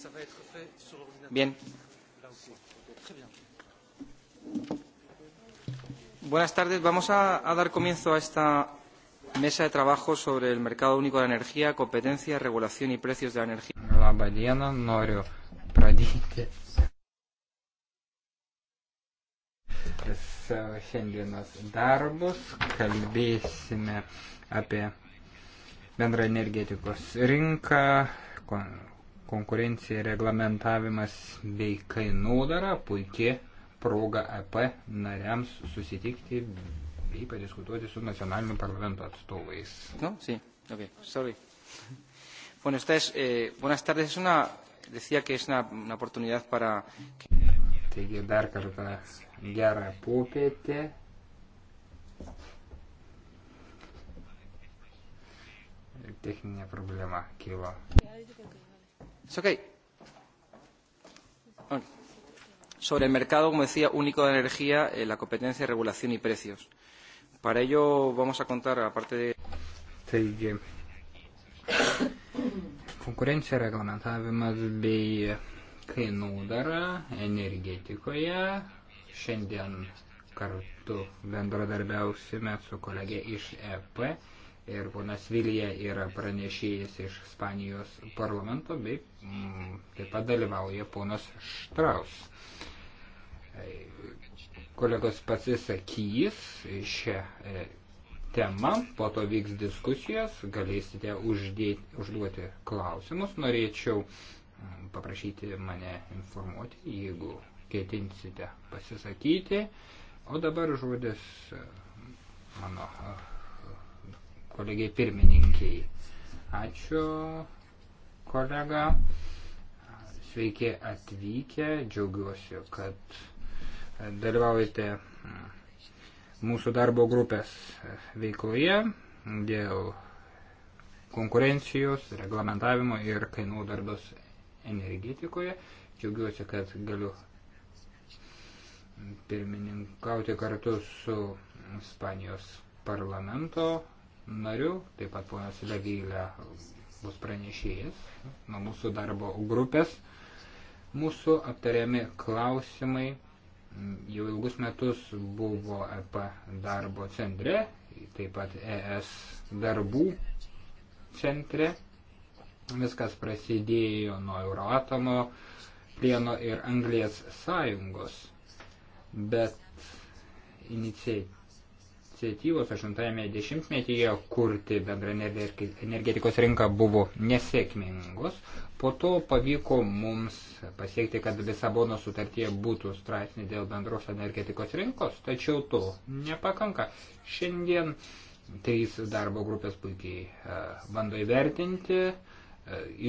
Ça va être fait sur l'ordinateur. Bien. Là aussi. Très bien. Buenas tardes. Vamos a, a dar comienzo a esta mesa de trabajo sobre el mercado único de la energía, competencia, regulación y precios de la energía. Labą dieną, noriu pradėti savo šiandienos darbus. Kalbėsime apie bendrą energetikos rinką, konkurencija, reglamentavimas bei kainodara puikia proga EP nariams susitikti bei padiskutuoti su nacionaliniu parlamento atstovais. No? Sí. Okay. Sorry. Bueno, esta es, eh, buenas tardes. Es una, decía que es una, una oportunidad para. Taigi dar kartą gerą popietę. Techninė problema kilo. Yeah, It's okay. Bueno. Sobre el mercado, como decía, único de energía, eh, la competencia, regulación y precios. Para ello vamos a contar, aparte de. Taigi, konkurencija reglamentavimas bei kainodara energetikoje. Šiandien kartu bendradarbiausime su kolegė iš EP ir ponas Vilija yra pranešėjas iš Spanijos parlamento bei Mm, taip pat dalyvauja ponas Štraus. Kolegos pasisakys šią e, temą, po to vyks diskusijos, galėsite uždėti, užduoti klausimus. Norėčiau mm, paprašyti mane informuoti, jeigu ketinsite pasisakyti. O dabar žodis e, mano e, kolegiai pirmininkiai. Ačiū kolega. Sveiki atvykę, džiaugiuosi, kad dalyvaujate mūsų darbo grupės veikloje dėl konkurencijos, reglamentavimo ir kainodardos energetikoje. Džiaugiuosi, kad galiu pirmininkauti kartu su Ispanijos parlamento nariu, taip pat ponas Levylė bus pranešėjas nuo mūsų darbo grupės. Mūsų aptariami klausimai jau ilgus metus buvo EP darbo centre, taip pat ES darbų centre. Viskas prasidėjo nuo Euroatomo, plieno ir anglės sąjungos, bet iniciatyva iniciatyvos 80-ame dešimtmetyje kurti bendrą energetikos rinką buvo nesėkmingos. Po to pavyko mums pasiekti, kad Lisabono sutartyje būtų straipsnė dėl bendros energetikos rinkos, tačiau to nepakanka. Šiandien trys darbo grupės puikiai e, bando įvertinti e,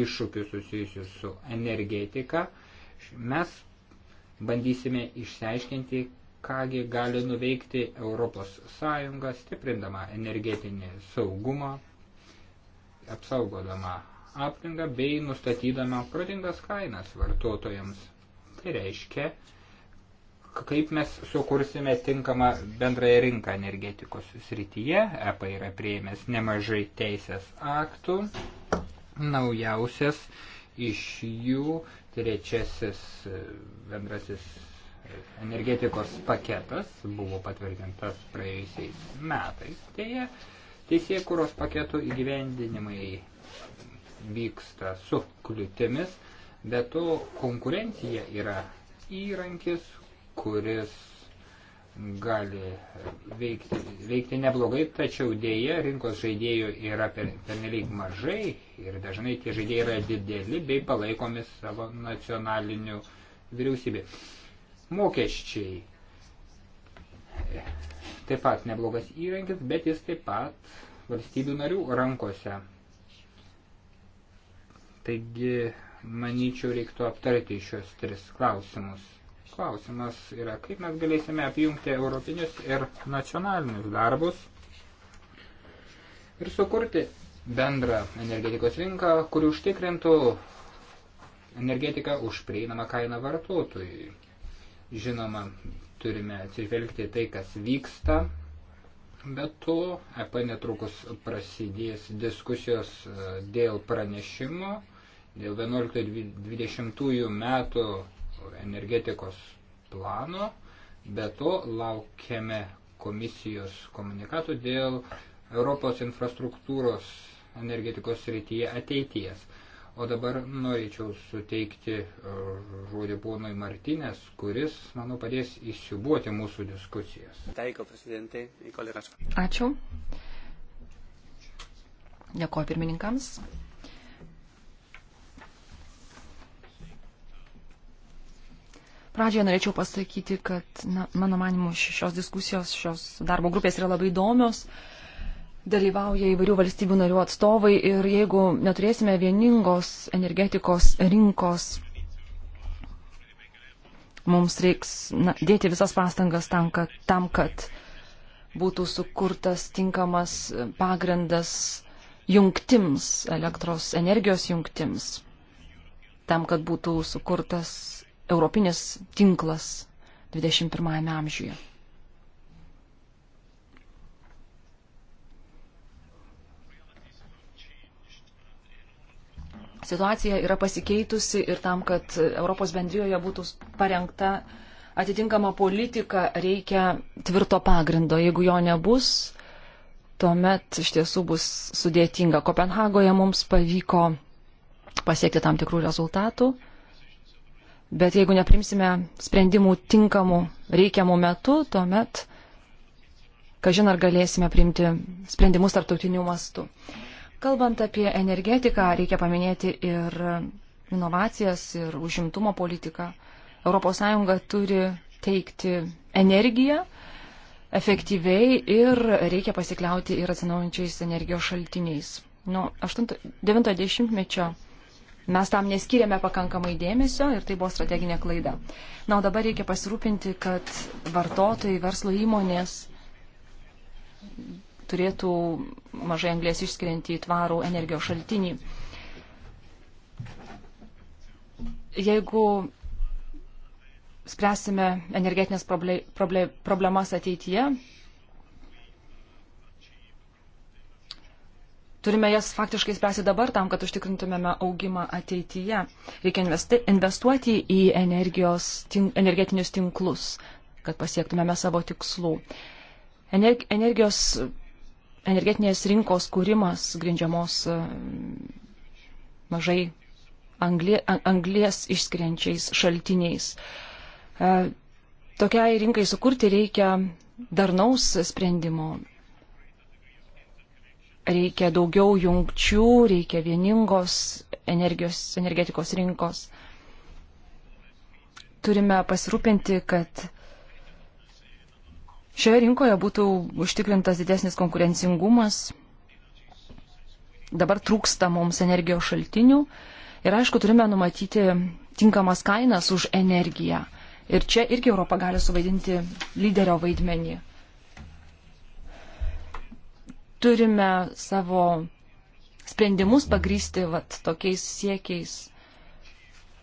iššūkius susijusius su energetika. Mes bandysime išsiaiškinti, kągi gali nuveikti Europos Sąjunga, stiprindama energetinį saugumą, apsaugodama aplinką bei nustatydama protingas kainas vartotojams. Tai reiškia, kaip mes sukursime tinkamą bendrąją rinką energetikos srityje. EPA yra prieimęs nemažai teisės aktų. Naujausias iš jų trečiasis e, bendrasis energetikos paketas buvo patvirtintas praėjusiais metais. Teje, teisėjai kūros paketų įgyvendinimai vyksta su kliūtimis, bet to konkurencija yra įrankis, kuris gali veikti, veikti neblogai, tačiau dėja rinkos žaidėjų yra pernelyg per mažai ir dažnai tie žaidėjai yra dideli bei palaikomi savo nacionalinių vyriausybių mokesčiai. Taip pat neblogas įrankis, bet jis taip pat valstybių narių rankose. Taigi, manyčiau, reiktų aptarti šios tris klausimus. Klausimas yra, kaip mes galėsime apjungti europinius ir nacionalinius darbus ir sukurti bendrą energetikos rinką, kuri užtikrintų energetiką už prieinamą kainą vartotojui. Žinoma, turime atsižvelgti tai, kas vyksta. Be to, EP netrukus prasidės diskusijos e, dėl pranešimo, dėl 11-20 metų energetikos plano. Be to, laukiame komisijos komunikatų dėl Europos infrastruktūros energetikos srityje ateities. O dabar norėčiau suteikti e, žodį ponui Martinės, kuris, manau, padės įsiubuoti mūsų diskusijas. Ačiū. Dėkuoju pirmininkams. Pradžioje norėčiau pasakyti, kad na, mano manimu šios diskusijos, šios darbo grupės yra labai įdomios. Uh, dalyvauja įvairių valstybių narių atstovai ir jeigu neturėsime vieningos energetikos rinkos, mums reiks na, dėti visas pastangas tam, kad, tam, kad būtų sukurtas tinkamas pagrindas jungtims, elektros energijos jungtims, tam, kad būtų sukurtas europinis tinklas 21 amžiuje. situacija yra pasikeitusi ir tam, kad Europos bendrijoje būtų parengta atitinkama politika, reikia tvirto pagrindo. Jeigu jo nebus, tuomet iš tiesų bus sudėtinga. Kopenhagoje mums pavyko pasiekti tam tikrų rezultatų, bet jeigu neprimsime sprendimų tinkamų reikiamų metų, tuomet, kažin ar galėsime priimti sprendimus tarptautiniu mastu. Kalbant apie energetiką, reikia paminėti ir inovacijas, ir užimtumo politiką. ES turi teikti energiją efektyviai ir reikia pasikliauti ir atsinaujančiais energijos šaltiniais. Nuo 90-mečio mes tam neskiriame pakankamai dėmesio ir tai buvo strateginė klaida. Na, o dabar reikia pasirūpinti, kad vartotojai, verslo įmonės turėtų mažai anglės išskiriantį į tvarų energijos šaltinį. Jeigu spręsime energetinės proble, proble, problemas ateityje, turime jas faktiškai spręsti dabar tam, kad užtikrintumėme augimą ateityje. Reikia investi, investuoti į energijos, tin, energetinius tinklus, kad pasiektumėme savo tikslų. Energijos energetinės rinkos kūrimas grindžiamos mažai angli, anglies išskiriančiais šaltiniais. E, tokiai rinkai sukurti reikia darnaus sprendimo. Reikia daugiau jungčių, reikia vieningos energijos, energetikos rinkos. Turime pasirūpinti, kad šioje rinkoje būtų užtikrintas didesnis konkurencingumas. Dabar trūksta mums energijos šaltinių ir aišku, turime numatyti tinkamas kainas už energiją. Ir čia irgi Europa gali suvaidinti lyderio vaidmenį. Turime savo sprendimus pagrysti vat, tokiais siekiais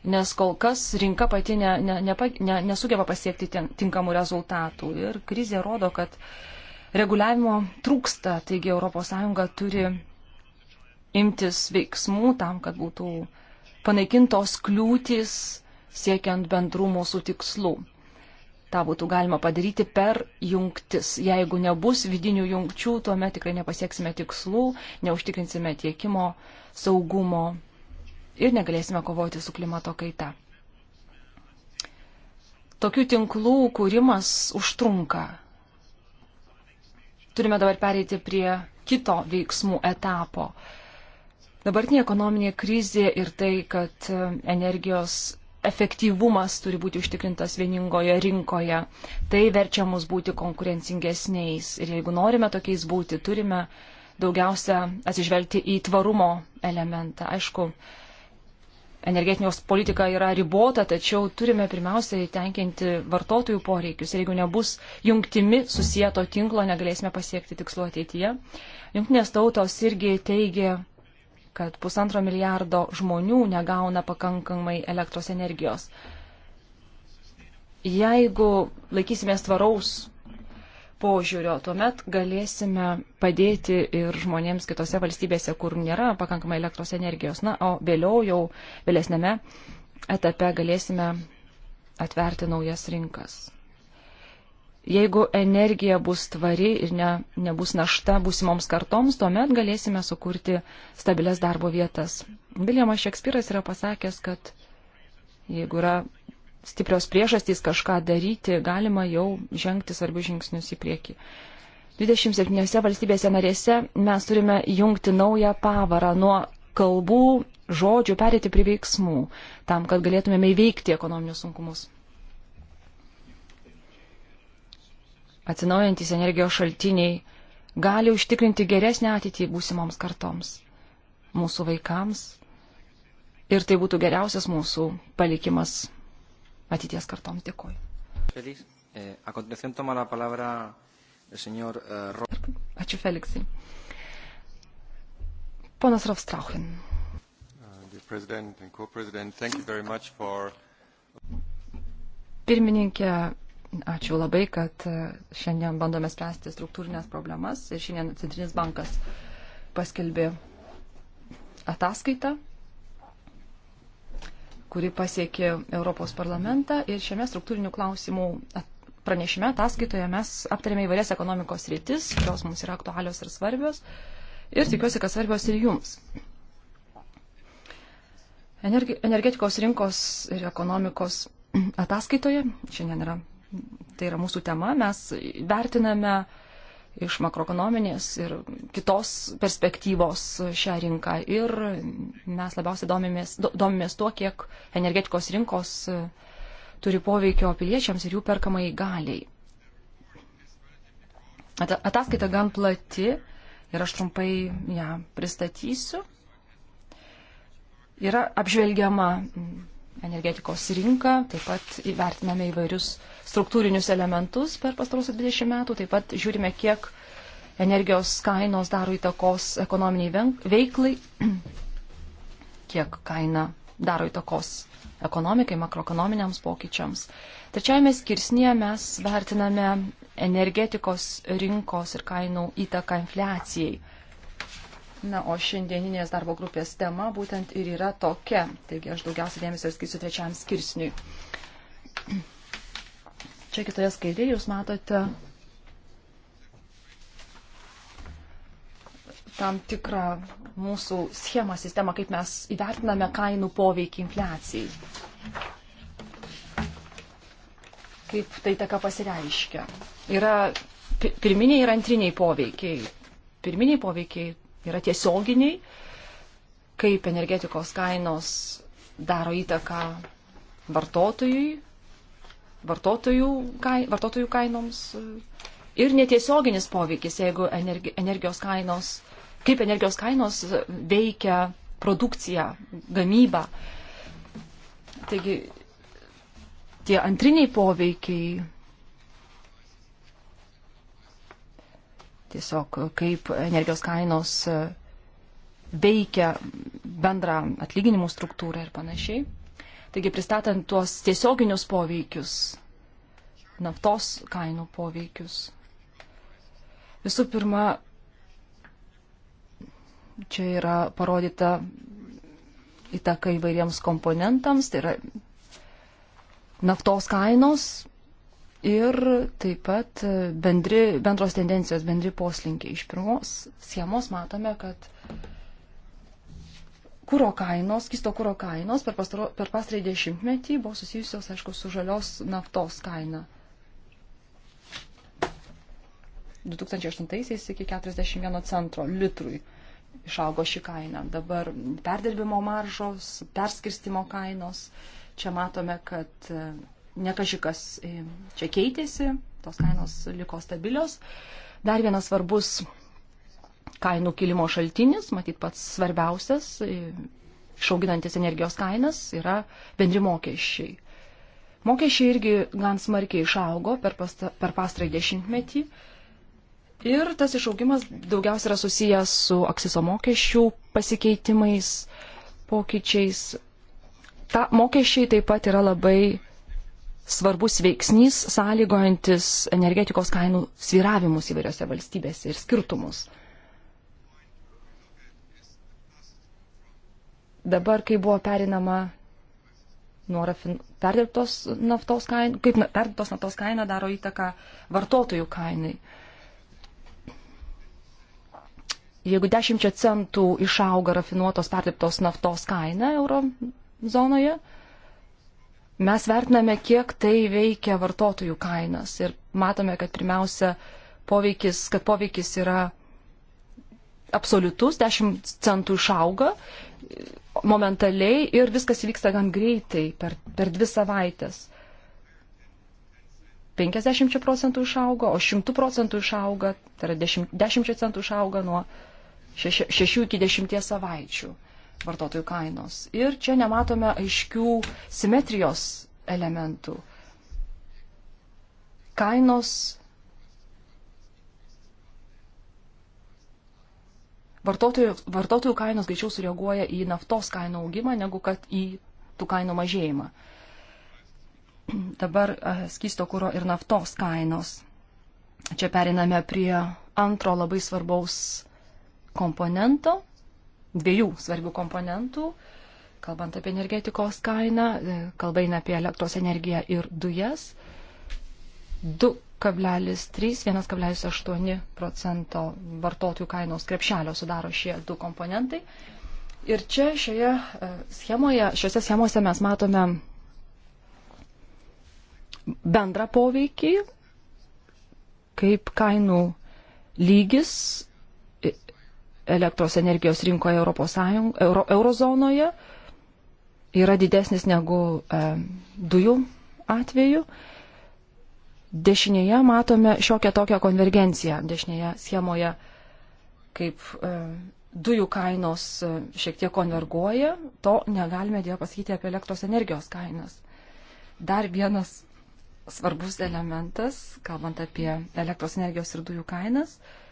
nes kol kas rinka pati ne, ne, ne, ne, nesugeba pasiekti ten, tinkamų rezultatų. Ir krizė rodo, kad reguliavimo trūksta, taigi ES turi imtis veiksmų tam, kad būtų panaikintos kliūtis siekiant bendrų mūsų tikslų. Ta būtų galima padaryti per jungtis. Jeigu nebus vidinių jungčių, tuomet tikrai nepasieksime tikslų, neužtikrinsime tiekimo saugumo ir negalėsime kovoti su klimato kaita. Tokių tinklų kūrimas užtrunka. Turime dabar pereiti prie kito veiksmų etapo. Dabartinė ekonominė krizė ir tai, kad e, energijos efektyvumas turi būti užtikrintas vieningoje rinkoje. Tai verčia mus būti konkurencingesniais. Ir jeigu norime tokiais būti, turime daugiausia atsižvelgti į tvarumo elementą. Aišku, energetinios politika yra ribota, tačiau turime pirmiausiai tenkinti vartotojų poreikius. Ir jeigu nebus jungtimi susijęto tinklo, negalėsime pasiekti tikslo ateityje. Jungtinės tautos irgi teigia, kad pusantro milijardo žmonių negauna pakankamai elektros energijos. Jeigu laikysimės tvaraus požiūrio. Tuomet galėsime padėti ir žmonėms kitose valstybėse, kur nėra pakankamai elektros energijos. Na, o vėliau jau vėlesnėme etape galėsime atverti naujas rinkas. Jeigu energija bus tvari ir ne, nebus našta būsimoms kartoms, tuomet galėsime sukurti stabilias darbo vietas. Viljamas Šekspyras yra pasakęs, kad jeigu yra stiprios priežastys kažką daryti, galima jau žengti svarbius žingsnius į priekį. 27 valstybėse narėse mes turime jungti naują pavarą nuo kalbų, žodžių perėti prie veiksmų, tam, kad galėtumėme įveikti ekonominius sunkumus. Atsinaujantis energijos šaltiniai gali užtikrinti geresnę ateitį būsimoms kartoms, mūsų vaikams, ir tai būtų geriausias mūsų palikimas ateities kartoms. Dėkoju. Feliz. Eh, a continuación toma la palabra el señor eh, Ro... Ačiū, Feliksai. Ponas Rovstrauchin. Uh, for... Pirmininkė, ačiū labai, kad uh, šiandien bandome spręsti struktūrinės problemas ir šiandien Centrinis bankas paskelbė ataskaitą kuri pasiekė Europos parlamentą ir šiame struktūrinių klausimų pranešime ataskaitoje mes aptarėme įvairias ekonomikos rytis, kurios mums yra aktualios ir svarbios ir tikiuosi, kad svarbios ir jums. Energetikos rinkos ir ekonomikos ataskaitoje, šiandien yra, tai yra mūsų tema, mes vertiname uh, iš makroekonominės ir kitos perspektyvos šią rinką. Ir mes labiausiai domimės, domimės tuo, kiek energetikos rinkos e, turi poveikio piliečiams ir jų perkamai galiai. Ataskaita gan plati ir aš trumpai ją pristatysiu. Yra apžvelgiama energetikos rinką, taip pat įvertiname įvairius struktūrinius elementus per pastarosius 20 metų, taip pat žiūrime, kiek energijos kainos daro įtakos ekonominiai veiklai, kiek kaina daro įtakos ekonomikai, makroekonominiams pokyčiams. Trečiajame skirsnėje mes vertiname energetikos rinkos ir kainų įtaką infliacijai. Na, o šiandieninės darbo grupės tema būtent ir yra tokia. Taigi aš daugiausiai dėmesio skirsiu trečiam skirsniui. Čia kitoje skaidrėje jūs matote tam tikrą mūsų schemą, sistemą, kaip mes įvertiname kainų poveikį infliacijai. Kaip tai taka pasireiškia. Yra pirminiai ir antriniai poveikiai. Pirminiai poveikiai yra tiesioginiai, kaip energetikos kainos daro įtaką vartotojui, vartotojų, kai, vartotojų kainoms e, ir netiesioginis poveikis, jeigu energi, energijos kainos, kaip energijos kainos veikia produkciją, gamybą. Taigi tie antriniai poveikiai tiesiog kaip energijos kainos e, veikia bendrą atlyginimų struktūrą ir panašiai. Taigi pristatant tuos tiesioginius poveikius, naftos kainų poveikius. Visų pirma, čia yra parodyta įtaka įvairiems komponentams, tai yra naftos kainos, ir taip pat e, bendri, bendros tendencijos, bendri poslinkiai. Iš pirmos schemos matome, kad kūro kainos, kisto kūro kainos per, pastaro, per pastarąjį dešimtmetį buvo susijusios, aišku, su žalios naftos kaina. 2008 iki 41 centro litrui išaugo ši kaina. Dabar perdirbimo maržos, perskirstimo kainos. Čia matome, kad e, nekažikas e, čia keitėsi, tos kainos liko stabilios. Dar vienas svarbus kainų kilimo šaltinis, matyt pats svarbiausias, e, išauginantis energijos kainas, yra bendri mokesčiai. Mokesčiai irgi gan smarkiai išaugo per, pasta, per pastarąjį dešimtmetį. Ir tas išaugimas daugiausia yra susijęs su aksiso mokesčių pasikeitimais, pokyčiais. Ta mokesčiai taip pat yra labai svarbus veiksnys sąlygojantis energetikos kainų sviravimus įvairiose valstybėse ir skirtumus. Dabar, kai buvo perinama nuo rafin... perdirbtos naftos kainą, kaip perdirbtos naftos kaina daro įtaką vartotojų kainai. Jeigu 10 centų išauga rafinuotos perdirbtos naftos kaina euro zonoje, Mes vertiname, kiek tai veikia vartotojų kainas ir matome, kad pirmiausia, poveikis, kad poveikis yra absoliutus, 10 centų išauga momentaliai ir viskas vyksta gan greitai per, per dvi savaitės. 50 procentų išauga, o 100 procentų išauga, tai yra 10, 10 centų išauga nuo 6 iki 10 savaičių vartotojų kainos. Ir čia nematome aiškių simetrijos elementų. Kainos vartotojų, vartotojų kainos greičiau sureaguoja į naftos kainų augimą negu kad į tų kainų mažėjimą. Dabar e, skysto kūro ir naftos kainos. Čia periname prie antro labai svarbaus komponento dviejų svarbių komponentų. Kalbant apie energetikos kainą, e, kalba eina apie elektros energiją ir dujas. 2,3-1,8 procento vartotojų kainos krepšelio sudaro šie du komponentai. Ir čia šioje e, schemoje, šiuose schemose mes matome bendrą poveikį, kaip kainų lygis elektros energijos rinkoje Europos Sąjung, Euro, eurozonoje yra didesnis negu e, dujų atveju. Dešinėje matome šiokią tokią konvergenciją, dešinėje schemoje, kaip e, dujų kainos e, šiek tiek konverguoja, to negalime dėja pasakyti apie elektros energijos kainas. Dar vienas svarbus elementas, kalbant apie elektros energijos ir dujų kainas, e,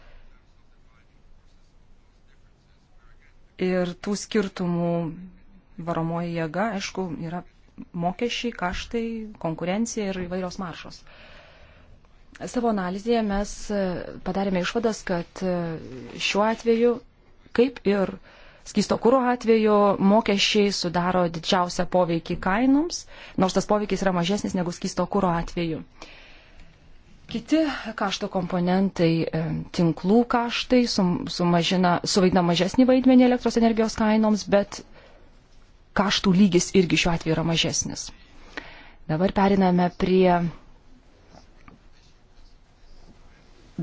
Ir tų skirtumų varomoji jėga, aišku, yra mokesčiai, kaštai, konkurencija ir įvairios maršos. Savo analizėje mes e, padarėme išvadas, kad e, šiuo atveju, kaip ir skysto kūro atveju, mokesčiai sudaro didžiausią poveikį kainoms, nors tas poveikis yra mažesnis negu skysto kūro atveju. Uh, Kiti kašto komponentai, e, tinklų kaštai sumažina, suvaidina mažesnį vaidmenį elektros energijos kainoms, bet kaštų lygis irgi šiuo atveju yra mažesnis. Dabar periname prie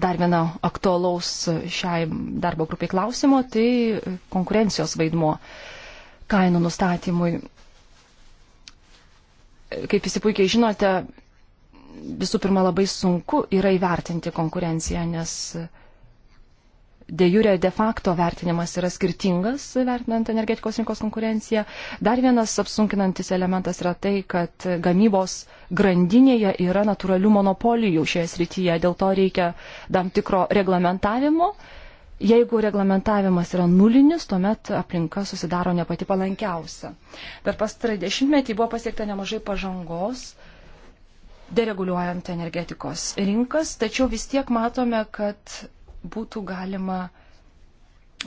dar vieno aktualaus šiai darbo grupiai klausimo, tai konkurencijos vaidmo kainų nustatymui. Kaip visi puikiai žinote, visų pirma labai sunku yra įvertinti konkurenciją, nes de jure de facto vertinimas yra skirtingas, vertinant energetikos rinkos konkurenciją. Dar vienas apsunkinantis elementas yra tai, kad gamybos grandinėje yra natūralių monopolijų šioje srityje, dėl to reikia tam tikro reglamentavimo. Jeigu reglamentavimas yra nulinis, tuomet aplinka susidaro ne pati palankiausia. Per pastarąjį dešimtmetį buvo pasiekta nemažai pažangos dereguliuojant energetikos rinkas, tačiau vis tiek matome, kad būtų galima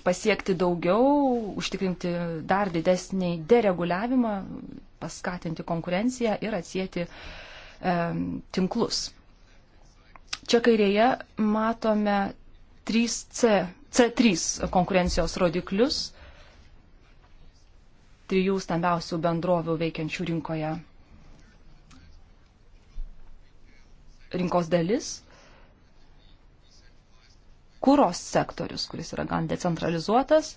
pasiekti daugiau, užtikrinti dar didesnį dereguliavimą, paskatinti konkurenciją ir atsijėti e, tinklus. Čia kairėje matome 3C, C3 konkurencijos rodiklius trijų stambiausių bendrovių veikiančių rinkoje rinkos dalis kūros sektorius, kuris yra gan decentralizuotas.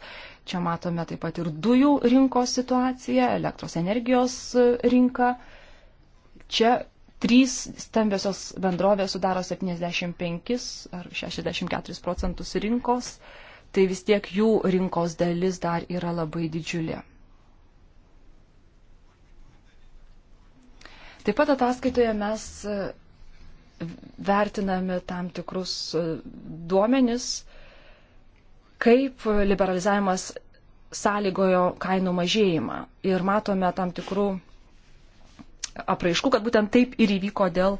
Čia matome taip pat ir dujų rinkos situaciją, elektros energijos e, rinką. Čia trys stambiosios bendrovės sudaro 75 ar 64 procentus rinkos, tai vis tiek jų rinkos dalis dar yra labai didžiulė. Taip pat ataskaitoje mes e, vertinami tam tikrus e, duomenis, kaip liberalizavimas sąlygojo kainų mažėjimą. Ir matome tam tikrų apraiškų, kad būtent taip ir įvyko dėl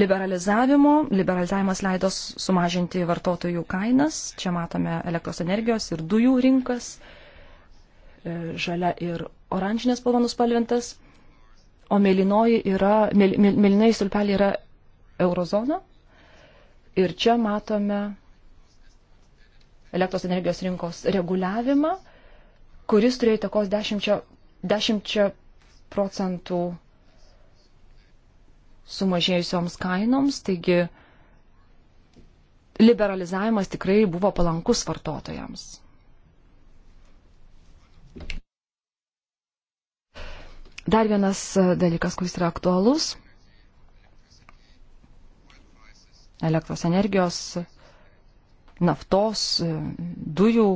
liberalizavimo. Liberalizavimas leido sumažinti vartotojų kainas. Čia matome elektros energijos ir dujų rinkas, e, žalia ir oranžinės spalva nuspalvintas. O mėlynoji yra, mėlynai stulpelė yra eurozoną. Ir čia matome elektros energijos rinkos reguliavimą, kuris turėjo įtakos 10, 10 procentų sumažėjusioms kainoms, taigi liberalizavimas tikrai buvo palankus vartotojams. Dar vienas dalykas, kuris yra aktualus elektros energijos, naftos, dujų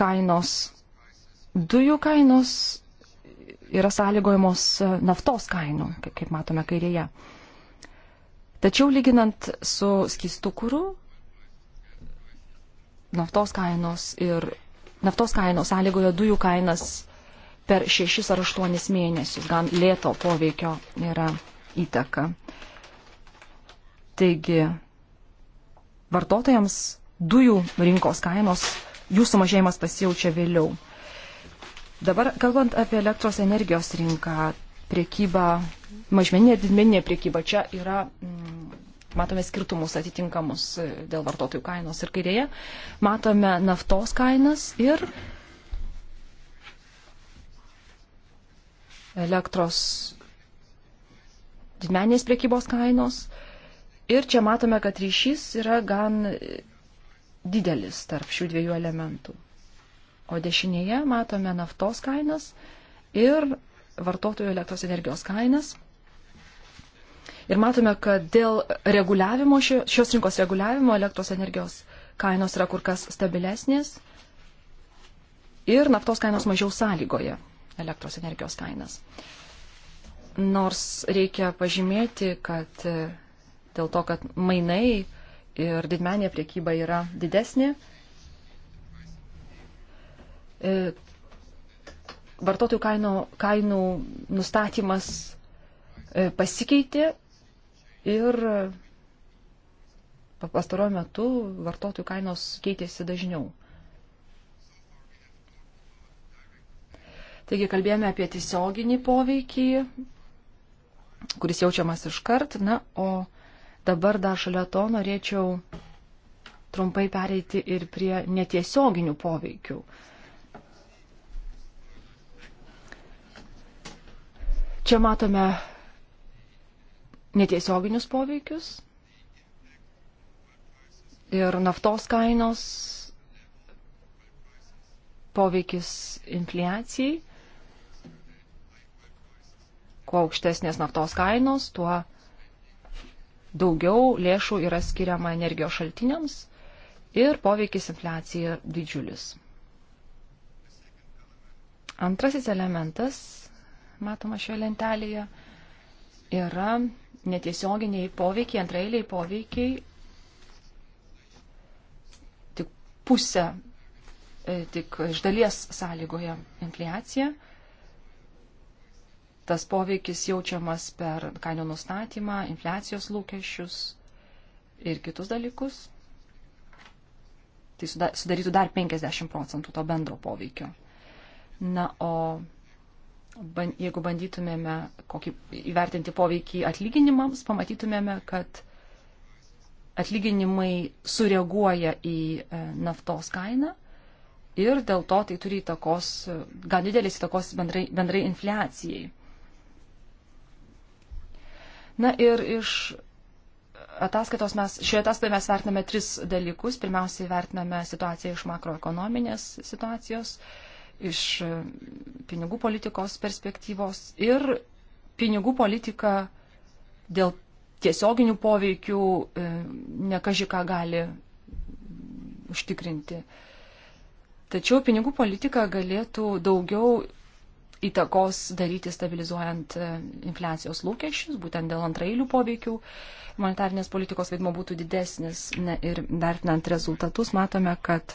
kainos. Dujų kainos yra sąlygojamos naftos kainų, kaip matome kairėje. Tačiau lyginant su skistų kūrų, naftos kainos ir naftos kainos sąlygoja dujų kainas per 6 ar 8 mėnesius, gan lėto poveikio yra įtaka. Taigi, vartotojams dujų rinkos kainos, jų sumažėjimas pasijaučia vėliau. Dabar, kalbant apie elektros energijos rinką, priekybą, mažmeninė, didmeninė priekyba, čia yra, mm, matome skirtumus atitinkamus e, dėl vartotojų kainos ir kairėje, matome naftos kainas ir elektros didmeninės priekybos kainos. Ir čia matome, kad ryšys yra gan didelis tarp šių dviejų elementų. O dešinėje matome naftos kainas ir vartotojų elektros energijos kainas. Ir matome, kad dėl reguliavimo, šios rinkos reguliavimo elektros energijos kainos yra kur kas stabilesnės ir naftos kainos mažiau sąlygoja elektros energijos kainas. Nors reikia pažymėti, kad dėl to, kad mainai ir didmenė priekyba yra didesnė. E, vartotojų kainų, kainų nustatymas e, pasikeitė ir pastaruoju metu vartotojų kainos keitėsi dažniau. Taigi kalbėjome apie tiesioginį poveikį, kuris jaučiamas iškart, na, o Dabar dar šalia to norėčiau trumpai pereiti ir prie netiesioginių poveikių. Čia matome netiesioginius poveikius ir naftos kainos poveikis infliacijai. Kuo aukštesnės naftos kainos, tuo daugiau lėšų yra skiriama energijos šaltiniams ir poveikis infliacija didžiulis. Antrasis elementas, matoma šioje lentelėje, yra netiesioginiai poveikiai, antrailiai poveikiai. Tik pusę, e, tik iš dalies sąlygoja infliacija Tas poveikis jaučiamas per kainų nustatymą, infliacijos lūkesčius ir kitus dalykus. Tai sudarytų dar 50 procentų to bendro poveikio. Na, o ban, jeigu bandytumėme kokį, įvertinti poveikį atlyginimams, pamatytumėme, kad atlyginimai sureaguoja į e, naftos kainą ir dėl to tai turi įtakos, e, gan didelės įtakos bendrai, bendrai infliacijai. Na ir iš ataskaitos mes, šioje ataskaitoje mes vertiname tris dalykus. Pirmiausiai vertiname situaciją iš makroekonominės situacijos, iš e, pinigų politikos perspektyvos ir pinigų politika dėl tiesioginių poveikių e, nekaži ką gali užtikrinti. Tačiau pinigų politika galėtų daugiau įtakos daryti stabilizuojant e, infliacijos lūkesčius, būtent dėl antrailių poveikių. Monetarinės politikos vaidmo būtų didesnis ne, ir vertinant rezultatus matome, kad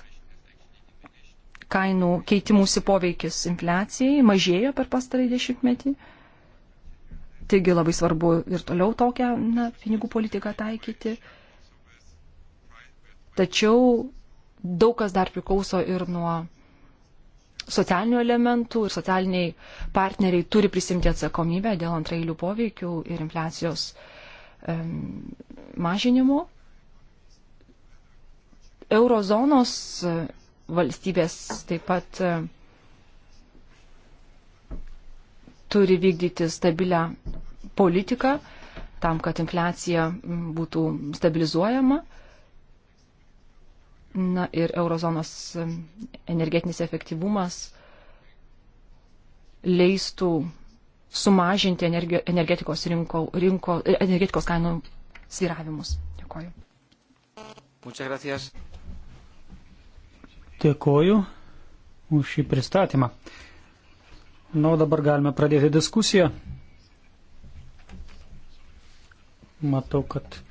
kainų keitimųsi poveikis infliacijai mažėjo per pastarąjį dešimtmetį. Taigi labai svarbu ir toliau tokią na, pinigų politiką taikyti. Tačiau daug kas dar priklauso ir nuo socialinių elementų ir socialiniai partneriai turi prisimti atsakomybę dėl antrailių poveikių ir infliacijos um, mažinimo. Eurozonos e, valstybės taip pat e, turi vykdyti stabilę politiką tam, kad infliacija būtų stabilizuojama. Na ir eurozonos energetinis efektyvumas leistų sumažinti energio, energetikos, rinko, rinko, energetikos kainų sviravimus. Dėkoju. Dėkoju už šį pristatymą. Na, o dabar galime pradėti diskusiją. Matau, kad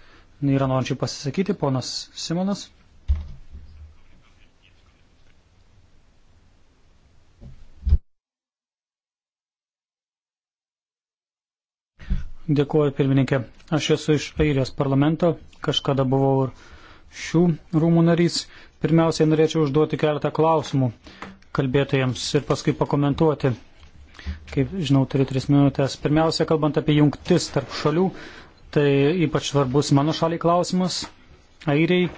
yra norinčių pasisakyti ponas Simonas. Dėkuoju, pirmininkė. Aš esu iš Airijos parlamento, kažkada buvau ir šių rūmų narys. Pirmiausiai norėčiau užduoti keletą klausimų kalbėtojams ir paskui pakomentuoti. Kaip žinau, turiu tris minutės. Pirmiausia, kalbant apie jungtis tarp šalių, tai ypač svarbus mano šaliai klausimas, airiai.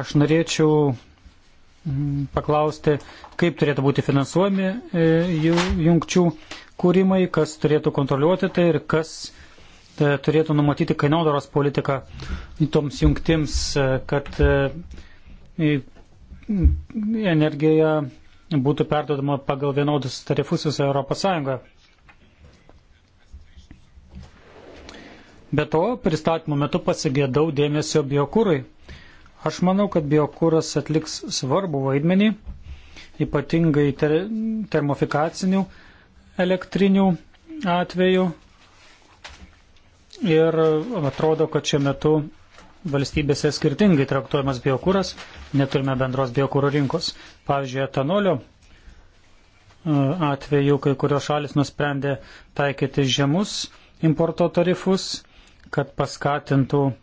Aš norėčiau mm, paklausti, kaip turėtų būti finansuojami e, jų jungčių kūrimai, kas turėtų kontroliuoti tai ir kas e, turėtų numatyti kainodaros politiką toms jungtims, e, kad e, energija būtų perdodama pagal vienodus tarifus visoje Europos Sąjungoje. Be to, pristatymo metu pasigėdau dėmesio biokūrai. Aš manau, kad biokūras atliks svarbų vaidmenį, ypatingai ter termofikacinių elektrinių atveju. Ir atrodo, kad šiuo metu valstybėse skirtingai traktuojamas biokūras, neturime bendros biokūro rinkos. Pavyzdžiui, etanolio e, atveju kai kurios šalis nusprendė taikyti žemus importo tarifus, kad paskatintų e,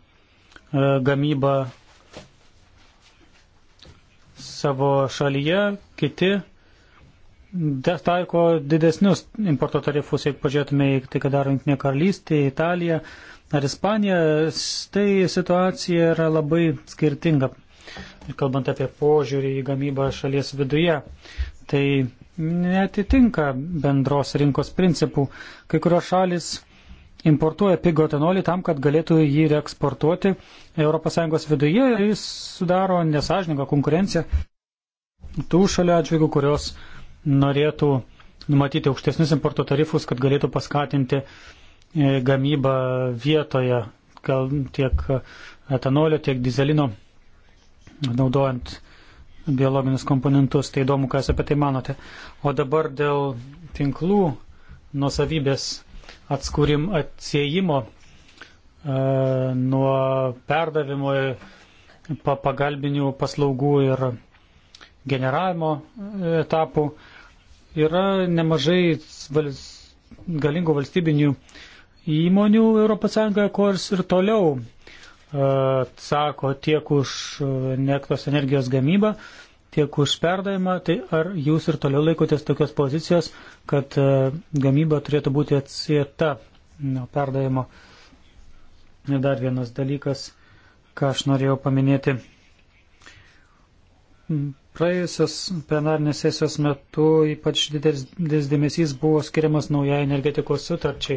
gamybą savo šalyje, kiti DES taiko didesnius importo tarifus, jeigu pažiūrėtume į tai, ką daro Junktinė karalystė, Italija ar Ispanija, tai situacija yra labai skirtinga. Ir kalbant apie požiūrį į gamybą šalies viduje, tai netitinka bendros rinkos principų. Kai kurios šalis importuoja pigų etanolį tam, kad galėtų jį reeksportuoti ES viduje ir jis sudaro nesažininką konkurenciją tų šalių atžvilgių, kurios uh, norėtų numatyti aukštesnius importo tarifus, kad galėtų paskatinti e, gamybą vietoje, gal tiek etanolio, tiek dizelino, naudojant biologinius komponentus. Tai įdomu, ką jūs apie tai manote. O dabar dėl tinklų nusavybės atskūrim atsiejimo e, nuo perdavimo pagalbinių paslaugų ir generavimo e, etapų. E, Yra nemažai valis, galingų valstybinių įmonių ES, kurios ir toliau atsako tiek už neaktos energijos gamybą, tiek už perdavimą. Tai ar jūs ir toliau laikotės tokios pozicijos, kad gamyba turėtų būti atsieta nuo perdavimo? Ir dar vienas dalykas, ką aš norėjau paminėti Praėjusios plenarnės sesijos metu ypač didelis dėmesys buvo skiriamas naujai energetikos sutarčiai.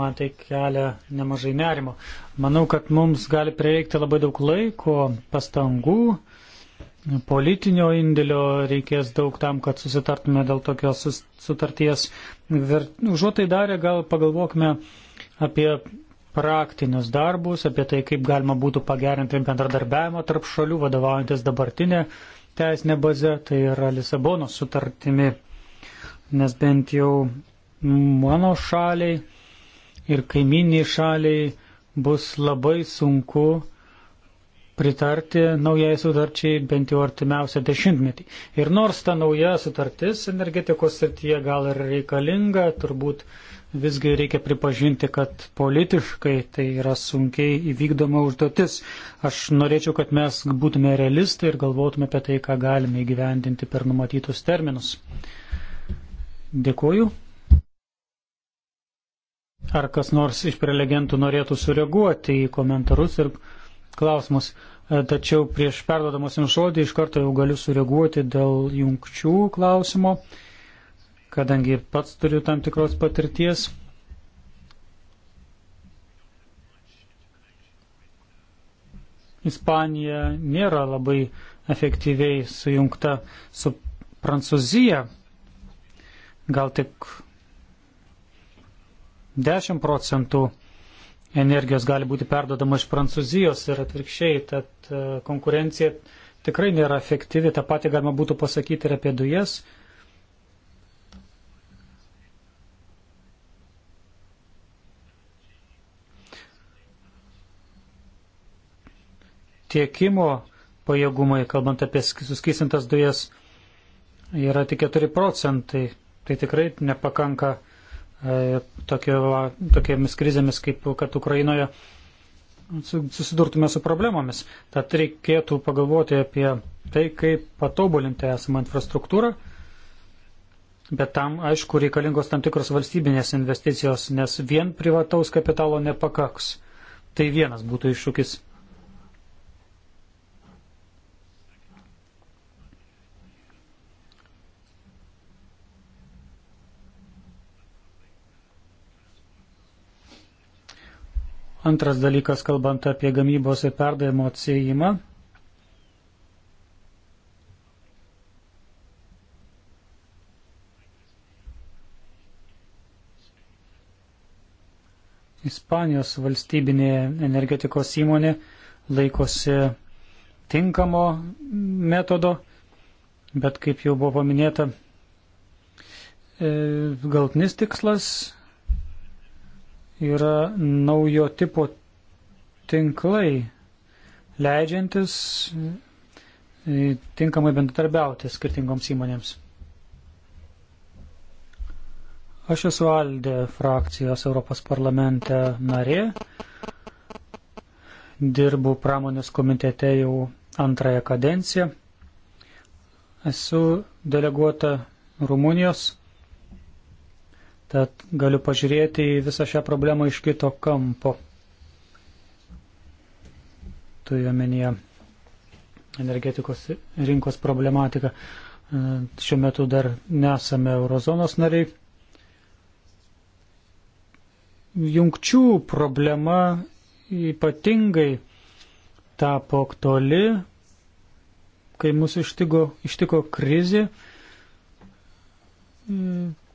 Man tai kelia nemažai nerimo. Manau, kad mums gali prireikti labai daug laiko, pastangų, politinio indėlio reikės daug tam, kad susitartume dėl tokios sutarties. Užuot tai darę, gal pagalvokime apie praktinius darbus, apie tai, kaip galima būtų pagerinti bendradarbiavimą tarp šalių, vadovaujantis dabartinė teisinė bazė, tai yra Lisabono sutartimi, nes bent jau mano šaliai ir kaiminiai šaliai bus labai sunku pritarti naujai sutarčiai bent jau artimiausią dešimtmetį. Ir nors ta nauja sutartis energetikos srityje gal ir reikalinga, turbūt visgi reikia pripažinti, kad politiškai tai yra sunkiai įvykdoma užduotis. Aš norėčiau, kad mes būtume realistai ir galvotume apie tai, ką galime įgyvendinti per numatytus terminus. Dėkuoju. Ar kas nors iš prelegentų norėtų sureaguoti į komentarus ir klausimus? E, tačiau prieš perdodamas jums žodį iš karto jau galiu sureaguoti dėl jungčių klausimo. Uh, kadangi pats turiu tam tikros patirties. Ispanija nėra labai efektyviai sujungta su Prancūzija. Gal tik 10 procentų energijos gali būti perdodama iš Prancūzijos ir atvirkščiai, tad e, konkurencija tikrai nėra efektyvi. Ta pati galima būtų pasakyti ir apie dujas. tiekimo pajėgumai, kalbant apie suskysintas dujas, yra tik 4 procentai. Tai tikrai nepakanka e, tokio, tokiamis krizėmis, kaip kad Ukrainoje susidurtume su problemomis. Tad reikėtų pagalvoti apie tai, kaip patobulinti esamą infrastruktūrą, bet tam, aišku, reikalingos tam tikros valstybinės investicijos, nes vien privataus kapitalo nepakaks. Tai vienas būtų iššūkis Antras dalykas, kalbant apie gamybos ir perdavimo atsėjimą. Ispanijos valstybinė energetikos įmonė laikosi tinkamo metodo, bet kaip jau buvo paminėta, e, galtinis tikslas yra naujo tipo tinklai, leidžiantis e, tinkamai bendradarbiauti skirtingoms įmonėms. Aš esu Aldė frakcijos Europos parlamente narė, dirbu pramonės komitete jau antrąją kadenciją, esu deleguota Rumunijos Tad galiu pažiūrėti į visą šią problemą iš kito kampo. Turiu omenyje energetikos rinkos problematiką. E, šiuo metu dar nesame eurozonos nariai. Jungčių problema ypatingai tapo aktuali, kai mūsų ištiko, ištiko krizė e,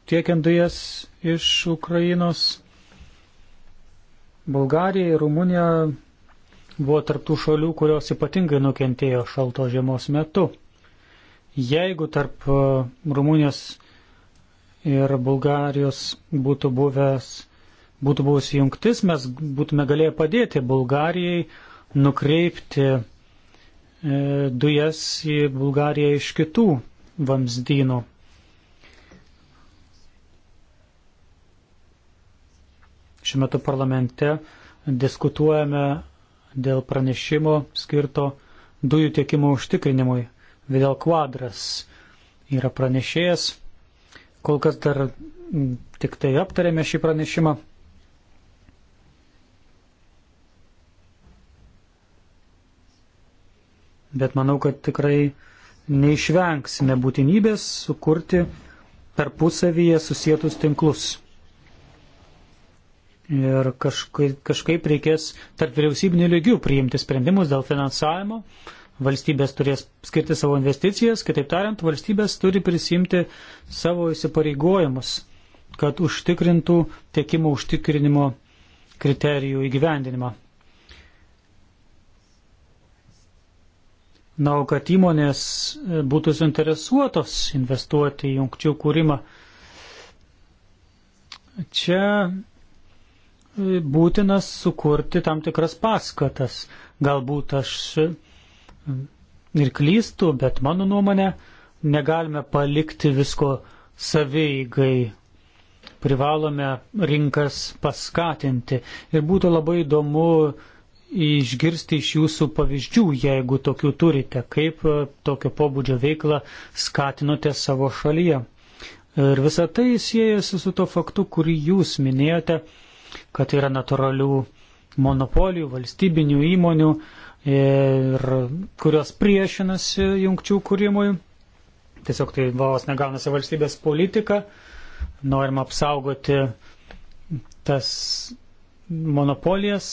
tiekiant dujas iš Ukrainos. Bulgarija ir Rumunija buvo tarptų šalių, kurios ypatingai nukentėjo šalto žiemos metu. Jeigu tarp e, Rumunijos ir Bulgarijos būtų, buvęs, būtų buvusi jungtis, mes būtume galėję padėti Bulgarijai nukreipti e, dujas į Bulgariją iš kitų vamzdynų Šiuo metu parlamente diskutuojame dėl pranešimo skirto dujų tiekimo užtikrinimui. Vidal Quadras yra pranešėjas. Kol kas dar tik tai aptarėme šį pranešimą. Bet manau, kad tikrai neišvengsime būtinybės sukurti tarpusavyje susijėtus tinklus ir kažkaip, kažkaip reikės tarp vyriausybinių lygių priimti sprendimus dėl finansavimo. Valstybės turės skirti savo investicijas, kitaip tariant, valstybės turi prisimti savo įsipareigojimus, kad užtikrintų tiekimo užtikrinimo kriterijų įgyvendinimą. Na, o kad įmonės būtų suinteresuotos investuoti į jungčių kūrimą, čia būtinas sukurti tam tikras paskatas. Galbūt aš mm, ir klystu, bet mano nuomonė, negalime palikti visko saveigai. Privalome rinkas paskatinti. Ir būtų labai įdomu išgirsti iš jūsų pavyzdžių, jeigu tokių turite, kaip e, tokio pobūdžio veiklą skatinote savo šalyje. Ir visa tai siejasi su to faktu, kurį jūs minėjote, kad yra natūralių monopolijų, valstybinių įmonių, ir kurios priešinasi jungčių kūrimui. Tiesiog tai vos negaunasi valstybės politika, norim apsaugoti tas monopolijas.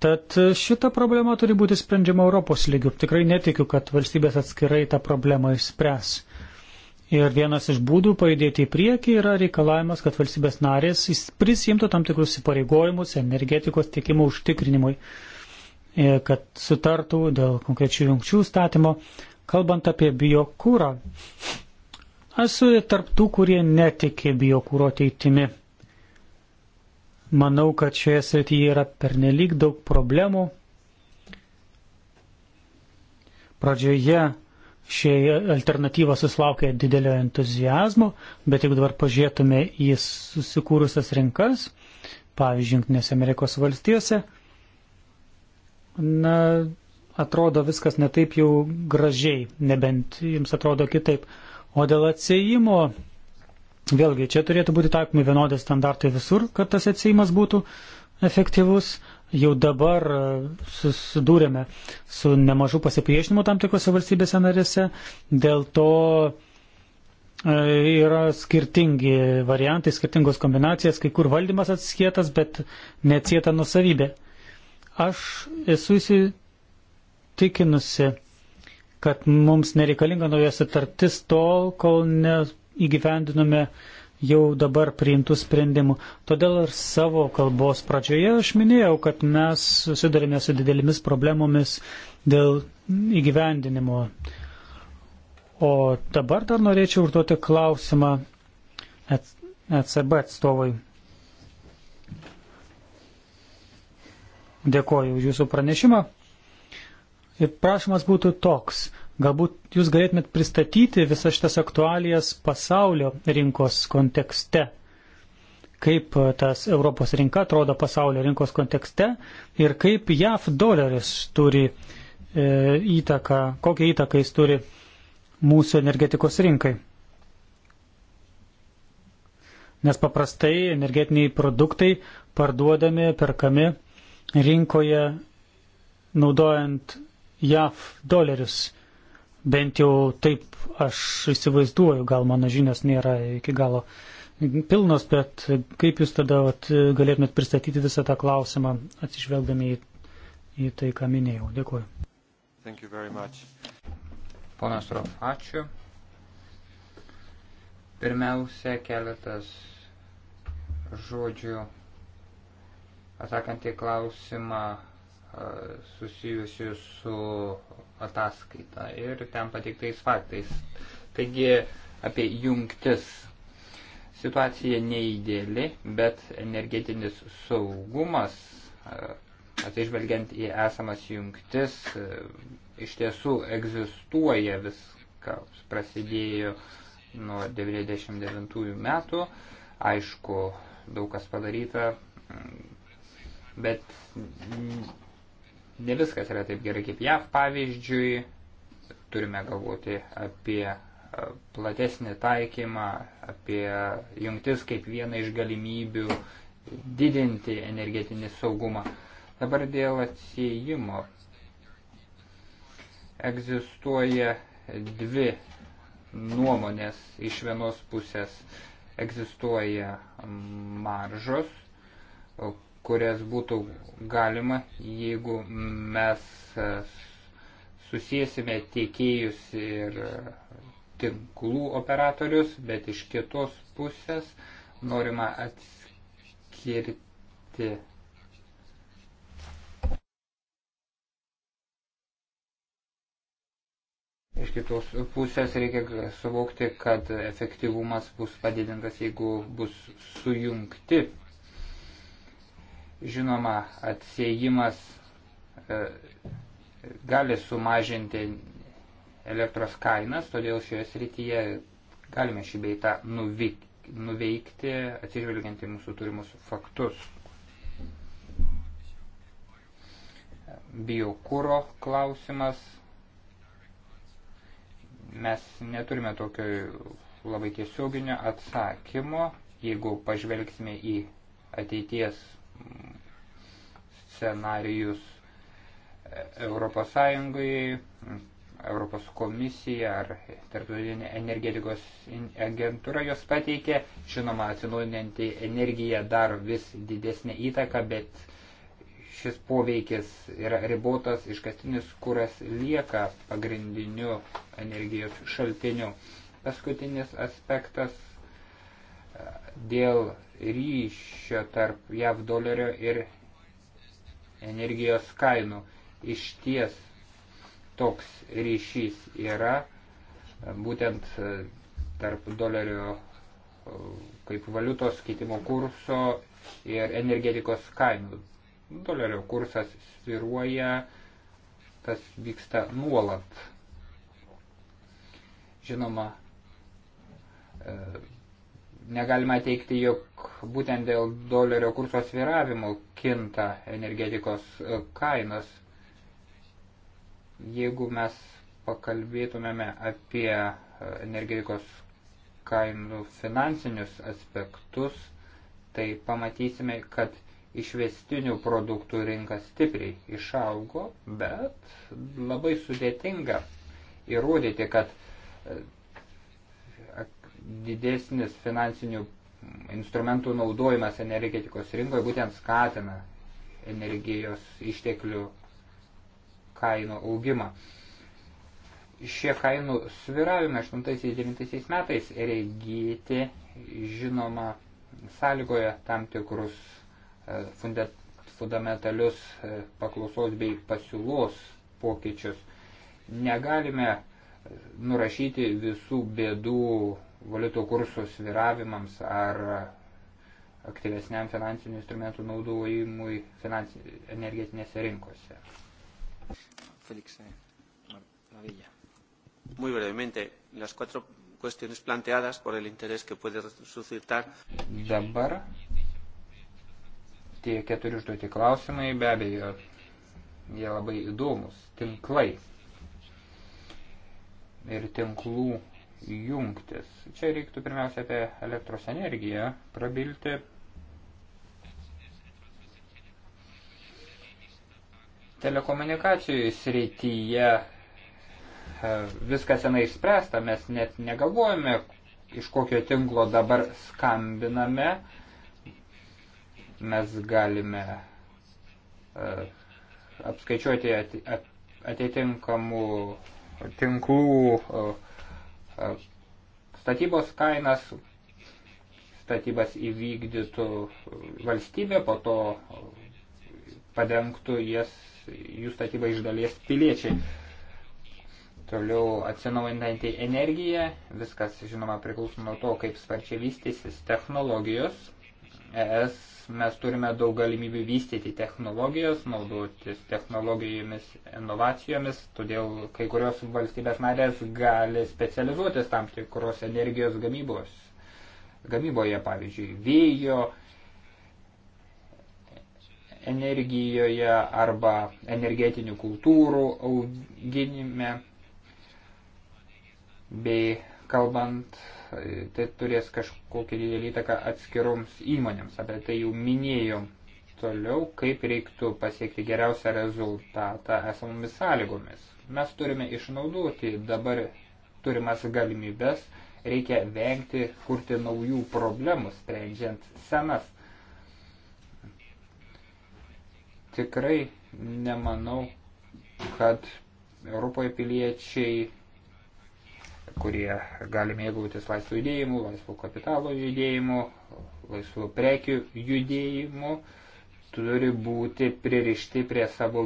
Tad šita problema turi būti sprendžiama Europos lygių. Tikrai netikiu, kad valstybės atskirai tą problemą išspręs. Ir vienas iš būdų pajudėti į priekį yra reikalavimas, kad valstybės narės prisimtų tam tikrus įpareigojimus energetikos tiekimo užtikrinimui, e, kad sutartų dėl konkrečių jungčių statymo. Kalbant apie biokūrą, aš esu tarptų, kurie netikė biokūro ateitimi. Manau, kad šioje srityje yra pernelyg daug problemų. Pradžioje Šiai alternatyva susilaukė didelio entuzijazmo, bet jeigu dabar pažiūrėtume į susikūrusias rinkas, pavyzdžiui, Junktinėse Amerikos valstijose, na, atrodo viskas netaip jau gražiai, nebent jums atrodo kitaip. O dėl atsėjimo, vėlgi, čia turėtų būti taikomi vienodai standartai visur, kad tas atsėjimas būtų efektyvus jau dabar e, susidūrėme su nemažu pasipriešinimu tam tikrose valstybėse narėse, dėl to e, yra skirtingi variantai, skirtingos kombinacijas, kai kur valdymas atskietas, bet neatsieta nusavybė. Aš esu įsitikinusi, kad mums nereikalinga nauja sutartis tol, kol neįgyvendinome uh, jau dabar priimtų sprendimų. Todėl ir savo kalbos pradžioje aš minėjau, kad mes susidurime su didelėmis problemomis dėl įgyvendinimo. O dabar dar norėčiau užduoti klausimą ECB atstovai. Dėkoju už Jūsų pranešimą. Ir prašymas būtų toks. Galbūt jūs galėtumėt pristatyti visas šitas aktualijas pasaulio rinkos kontekste. Kaip e, tas Europos rinka atrodo pasaulio rinkos kontekste ir kaip JAF doleris turi e, įtaką, kokią įtaką jis turi mūsų energetikos rinkai. Nes paprastai energetiniai produktai parduodami, perkami rinkoje naudojant JAF dolerius Bent jau taip aš įsivaizduoju, gal mano žinios nėra iki galo pilnos, bet kaip jūs tada vat, galėtumėt pristatyti visą tą klausimą, atsižvelgdami į, į tai, ką minėjau. Dėkuoju. Ponas Rof, ačiū. Pirmiausia, keletas žodžių atsakant į klausimą susijusių su ataskaita ir ten pateiktais faktais. Taigi apie jungtis. Situacija neįdėli, bet energetinis saugumas, e, atsižvelgiant į esamas jungtis, e, iš tiesų egzistuoja viskas. Prasidėjo nuo 99 metų, aišku, daug kas padaryta, bet Ne viskas yra taip gerai kaip JAV pavyzdžiui. Turime galvoti apie e, platesnį taikymą, apie jungtis kaip vieną iš galimybių didinti energetinį saugumą. Dabar dėl atsijimo egzistuoja dvi nuomonės. Iš vienos pusės egzistuoja maržos, kurias būtų galima, jeigu mes e, susijęsime tiekėjus ir tinklų operatorius, bet iš kitos pusės norima atskirti. Iš kitos pusės reikia suvokti, kad efektyvumas bus padidintas, jeigu bus sujungti Žinoma, atsiejimas e, gali sumažinti elektros kainas, todėl šioje srityje galime šį beitą nuveikti, atsižvelgiant į mūsų turimus faktus. Biokūro klausimas. Mes neturime tokio labai tiesioginio atsakymo. Jeigu pažvelgsime į ateities scenarijus Europos Sąjungoje, Europos komisija ar tarptautinė energetikos agentūra jos pateikė. Žinoma, atsinaujinanti energija dar vis didesnė įtaka, bet šis poveikis yra ribotas, iškastinis kuras lieka pagrindiniu energijos šaltiniu. Paskutinis aspektas dėl ryšio tarp JAV dolerio ir energijos kainų. Iš ties toks ryšys yra būtent e, tarp dolerio e, kaip valiutos keitimo kurso ir energetikos kainų. Dolerio kursas sviruoja, tas vyksta nuolat. Žinoma, e, negalima teikti, jog būtent dėl dolerio kurso sviravimų kinta energetikos e, kainos. Jeigu mes pakalbėtumėme apie e, energetikos kainų finansinius aspektus, tai pamatysime, kad išvestinių produktų rinka stipriai išaugo, bet labai sudėtinga įrodyti, kad e, didesnis finansinių instrumentų naudojimas energetikos rinkoje būtent skatina energijos išteklių kainų augimą. Šie kainų sviravimai 8-9 metais regyti, žinoma, sąlygoja tam tikrus e, fundamentalius e, paklausos bei pasiūlos pokyčius. Negalime nurašyti visų bėdų valiutų kursų sviravimams ar aktyvesniam finansinių instrumentų naudojimui finansi... energetinėse rinkose. Félix eh, Mavilla. Muy brevemente, las cuatro cuestiones planteadas por el interés que puede suscitar. Dabar tie keturi užduoti klausimai, be abejo, jie labai įdomus. Tinklai ir tinklų jungtis. Čia reiktų pirmiausia apie elektros energiją prabilti. Telekomunikacijų srityje e, viskas senai išspręsta, mes net negalvojame, iš kokio tinklo dabar skambiname. Mes galime e, apskaičiuoti atitinkamų tinklų e, statybos kainas, statybas įvykdytų valstybė, po to padengtų jas, jų statybą iš dalies piliečiai. Toliau atsinaujinanti energija, viskas žinoma priklauso nuo to, kaip sparčiai vystysis technologijos ES mes turime daug galimybių vystyti technologijas, naudotis technologijomis, inovacijomis, todėl kai kurios valstybės narės gali specializuotis tam tikros energijos gamybos. Gamyboje, pavyzdžiui, vėjo energijoje arba energetinių kultūrų auginime bei kalbant tai turės kažkokį didelį įtaką atskiroms įmonėms, apie tai jau minėjom toliau, kaip reiktų pasiekti geriausią rezultatą esamomis sąlygomis. Mes turime išnaudoti dabar turimas galimybės, reikia vengti kurti naujų problemų, sprendžiant senas. Tikrai nemanau, kad Europoje piliečiai kurie gali mėgautis laisvų judėjimų, laisvų kapitalo judėjimų, laisvų prekių judėjimų, turi būti pririšti prie savo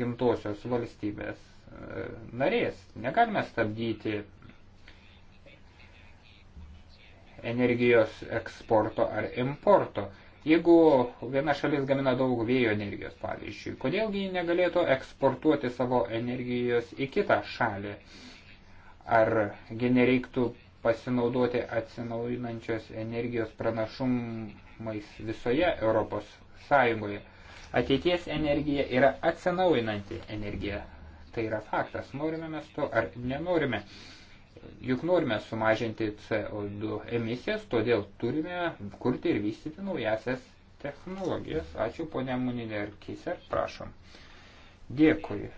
gimtosios valstybės e, narės. Negalime stabdyti energijos eksporto ar importo. Jeigu viena šalis gamina daug vėjo energijos, pavyzdžiui, kodėlgi ji negalėtų eksportuoti savo energijos į kitą šalį? argi nereiktų pasinaudoti atsinaujinančios energijos pranašumais visoje Europos Sąjungoje. Ateities energija yra atsinaujinanti energija. Tai yra faktas. Norime mes to ar nenorime. Juk norime sumažinti CO2 emisijas, todėl turime kurti ir vystyti naujasias technologijas. Ačiū ponia Muninė ir Kiser, prašom. Dėkui.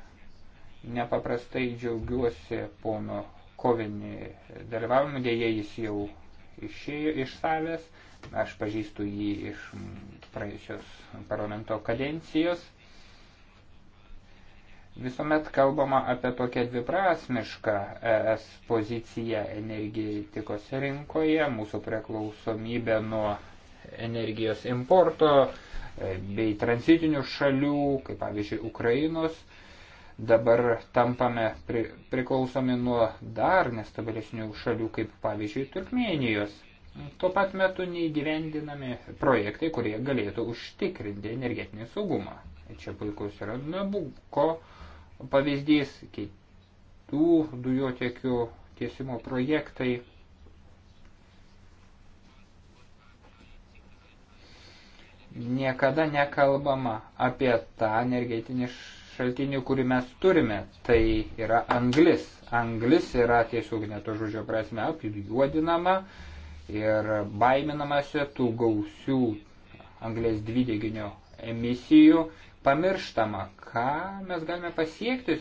Nepaprastai džiaugiuosi pono kovinį dalyvavimą, dėja jis jau išėjo iš salės, aš pažįstu jį iš praėjusios parlamento kadencijos. Visuomet kalbama apie tokią dviprasmišką ES poziciją energetikos rinkoje, mūsų priklausomybę nuo energijos importo e, bei tranzitinių šalių, kaip pavyzdžiui Ukrainos, dabar tampame pri, priklausomi nuo dar nestabilesnių šalių, kaip pavyzdžiui Turkmenijos. Tuo pat metu neįgyvendinami projektai, kurie galėtų užtikrinti energetinį saugumą. Čia puikus yra Nabuko pavyzdys, kitų dujotiekių tiesimo projektai. Niekada nekalbama apie tą energetinį š šaltinių, kurį mes turime, tai yra anglis. Anglis yra tiesiog neto žodžio prasme apjuodinama ir baiminamasi tų gausių anglės dvideginio emisijų. Pamirštama, ką mes galime pasiekti,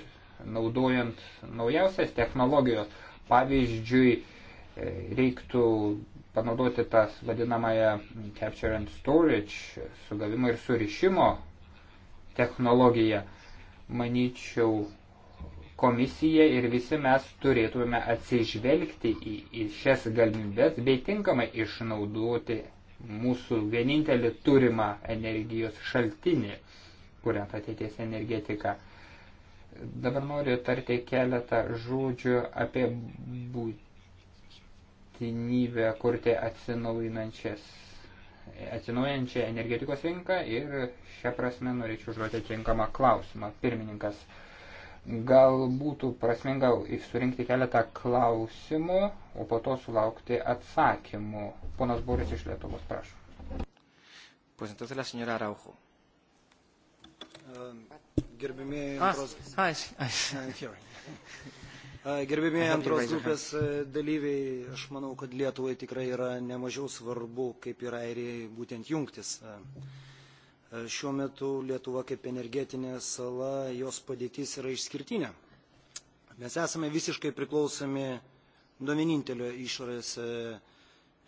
naudojant naujausias technologijos. Pavyzdžiui, e, reiktų panaudoti tas vadinamąją capture and storage, sugavimo ir surišimo technologiją manyčiau, komisija ir visi mes turėtume atsižvelgti į, į šias galimybės bei tinkamai išnaudoti mūsų vienintelį turimą energijos šaltinį, kuriant ateities energetiką. Dabar noriu tarti keletą žodžių apie būtinybę kurti atsinaujinančias atsinaujančią energetikos rinką ir šią prasme norėčiau užduoti tinkamą klausimą. Pirmininkas, gal būtų prasminga surinkti keletą klausimų, o po to sulaukti atsakymų. Ponas Boris iš Lietuvos, prašau. Pues entonces la señora Araujo. Gerbimi. Ah, ah, ah, Gerbėmėjai antros grupės e, dalyviai, aš manau, kad Lietuvai tikrai yra nemažiau svarbu, kaip ir airiai, būtent jungtis. Šiuo metu Lietuva kaip energetinė sala, jos padėtis yra išskirtinė. Mes esame visiškai priklausomi nuo vienintelio išorės e,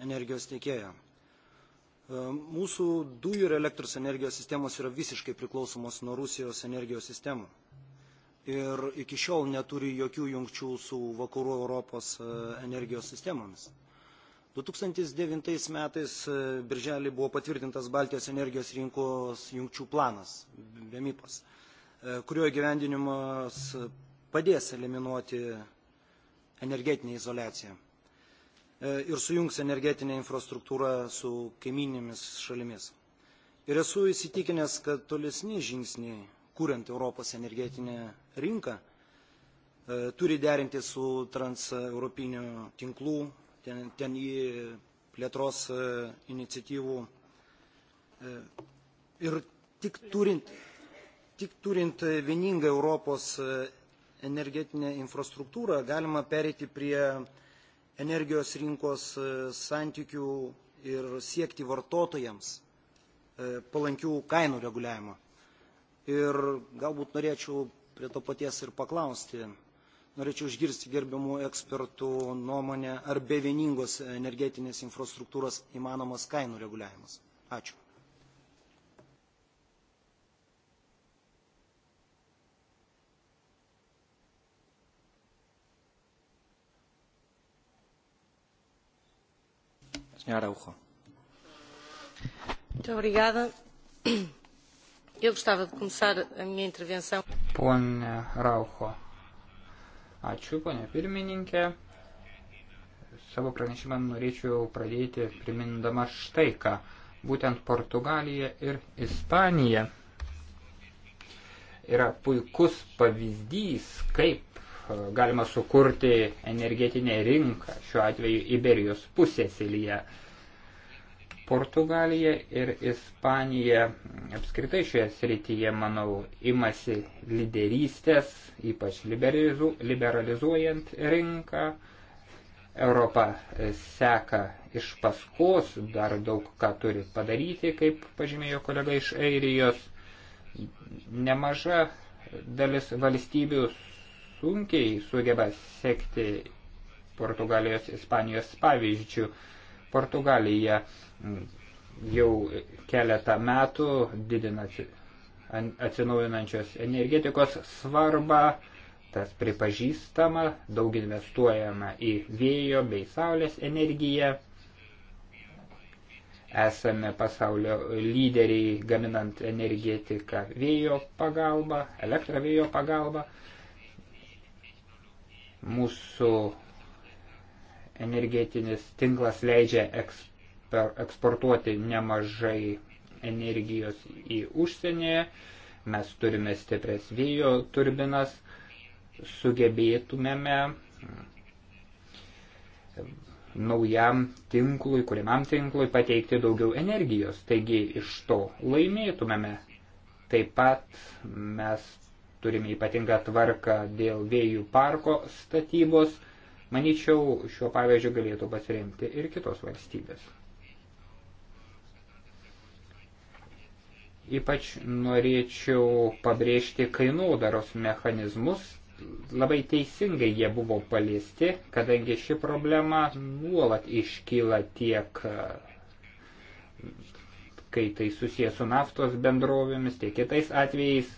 energijos tiekėjo. E, mūsų dujų ir elektros energijos sistemos yra visiškai priklausomos nuo Rusijos energijos sistemų ir iki šiol neturi jokių jungčių su vakarų Europos e, energijos sistemomis. 2009 metais e, birželį buvo patvirtintas Baltijos energijos rinkos jungčių planas, BEMIPAS, e, kurio gyvendinimas padės eliminuoti energetinę izolaciją ir sujungs energetinę infrastruktūrą su kaiminėmis šalimis. Ir esu įsitikinęs, kad tolesni žingsniai kuriant Europos energetinę rinką, e, turi derinti su transeuropiniu tinklų, ten, ten į plėtros e, iniciatyvų e, ir tik turint, tik turint vieningą Europos energetinę infrastruktūrą galima perėti prie energijos rinkos santykių ir siekti vartotojams palankių kainų reguliavimo. Ir galbūt norėčiau prie to paties ir paklausti. Norėčiau išgirsti gerbiamų ekspertų nuomonę, ar be vieningos energetinės infrastruktūros įmanomas kainų reguliavimas. Ačiū. Señora Araujo. Muito obrigada. Eu gostava de começar a minha intervenção. Pone Raucho. Ačiū, ponė pirmininkė. Savo pranešimą norėčiau pradėti primindama štai ką. Būtent Portugalija ir Ispanija yra puikus pavyzdys, kaip e, galima sukurti energetinę rinką, šiuo atveju Iberijos pusėsilyje. Portugalija ir Ispanija apskritai šioje srityje, manau, imasi lyderystės, ypač liberalizu, liberalizuojant rinką. Europa seka iš paskos, dar daug ką turi padaryti, kaip pažymėjo kolega iš Airijos. Nemaža dalis valstybių sunkiai sugeba sekti Portugalijos, Ispanijos pavyzdžių Portugalija jau keletą metų didina atsinaujinančios energetikos svarbą, tas pripažįstama, daug investuojama į vėjo bei saulės energiją. Esame pasaulio lyderiai gaminant energetiką vėjo pagalba, elektrą vėjo pagalba. Mūsų energetinis tinklas leidžia eksper, eksportuoti nemažai energijos į užsienį, mes turime stipres vėjo turbinas, sugebėtumėme naujam tinklui, kuriamam tinklui pateikti daugiau energijos. Taigi iš to laimėtumėme. Taip pat mes turime ypatingą tvarką dėl vėjų parko statybos – Manyčiau, šiuo pavyzdžiu galėtų pasiremti ir kitos valstybės. Ypač norėčiau pabrėžti kainodaros mechanizmus. Labai teisingai jie buvo paliesti, kadangi ši problema nuolat iškyla tiek, kai tai susijęs su naftos bendrovėmis, tiek kitais atvejais.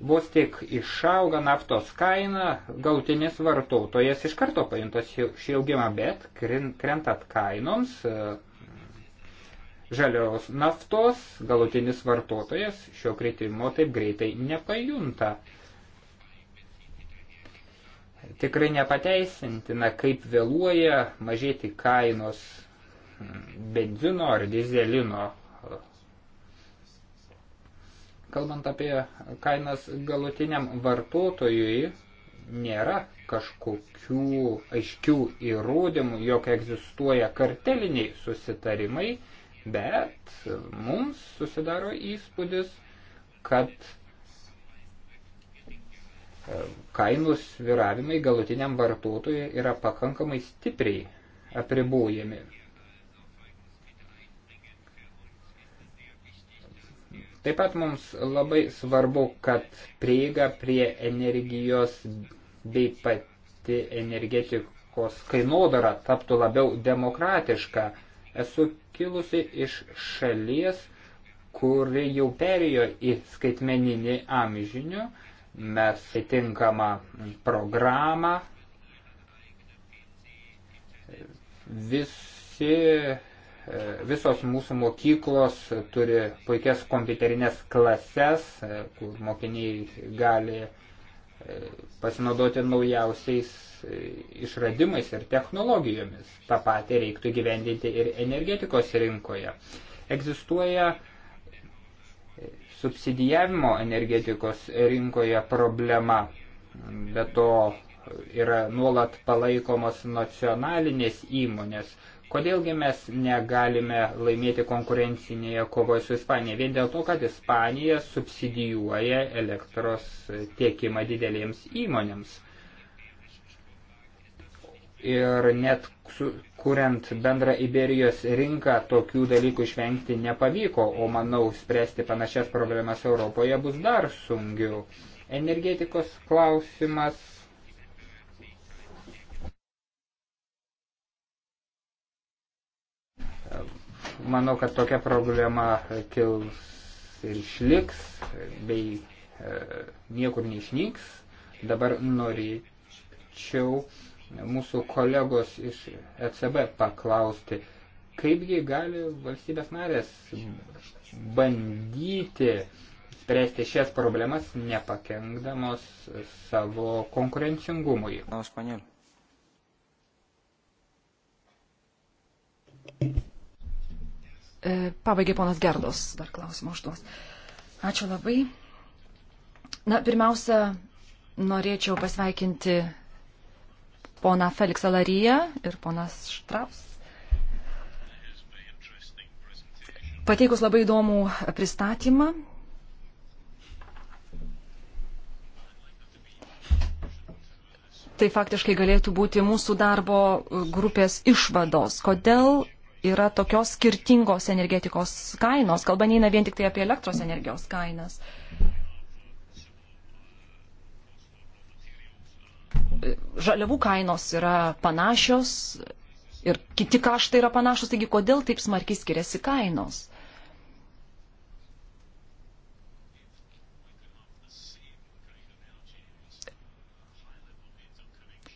Vos tik išauga naftos kaina, gautinis vartotojas iš karto paintos šį augimą, bet krentat kainoms e, žalios naftos, galutinis vartotojas šio kritimo taip greitai nepajunta. Tikrai nepateisintina, kaip vėluoja mažėti kainos benzino ar dizelino Kalbant apie kainas galutiniam vartotojui, nėra kažkokių aiškių įrodymų, jog egzistuoja karteliniai susitarimai, bet mums susidaro įspūdis, kad e, kainų sviravimai galutiniam vartotojui yra pakankamai stipriai apribojami. Taip pat mums labai svarbu, kad prieiga prie energijos bei pati energetikos kainodara taptų labiau demokratiška. Esu kilusi iš šalies, kuri jau perėjo į skaitmeninį amžinių. Mes įtinkamą programą. Visi Visos mūsų mokyklos turi puikias kompiuterinės klases, e, kur mokiniai gali e, pasinaudoti naujausiais e, išradimais ir technologijomis. Ta pati reiktų gyvendinti ir energetikos rinkoje. Egzistuoja subsidijavimo energetikos rinkoje problema, bet to yra nuolat palaikomos nacionalinės įmonės, Kodėlgi mes negalime laimėti konkurencinėje kovoje su Ispanija? Vien dėl to, kad Ispanija subsidijuoja elektros tiekimą didelėms įmonėms. Ir net su, kuriant bendrą Iberijos rinką tokių dalykų išvengti nepavyko, o manau spręsti panašias problemas Europoje bus dar sungiau. Energetikos klausimas manau, kad tokia problema kils ir išliks, bei e, niekur neišnyks. Dabar norėčiau mūsų kolegos iš ECB paklausti, kaipgi gali valstybės narės bandyti spręsti šias problemas nepakengdamos savo konkurencingumui. No, E, pabaigė ponas Gerdos, dar klausimą užduos. Ačiū labai. Na, pirmiausia, norėčiau pasveikinti poną Feliksą Lariją ir ponas Štraus. Pateikus labai įdomų pristatymą. Tai faktiškai galėtų būti mūsų darbo grupės išvados. Kodėl yra tokios skirtingos energetikos kainos. Kalba neina vien tik tai apie elektros energijos kainas. Žaliavų kainos yra panašios ir kiti kaštai yra panašus, taigi kodėl taip smarkiai skiriasi kainos?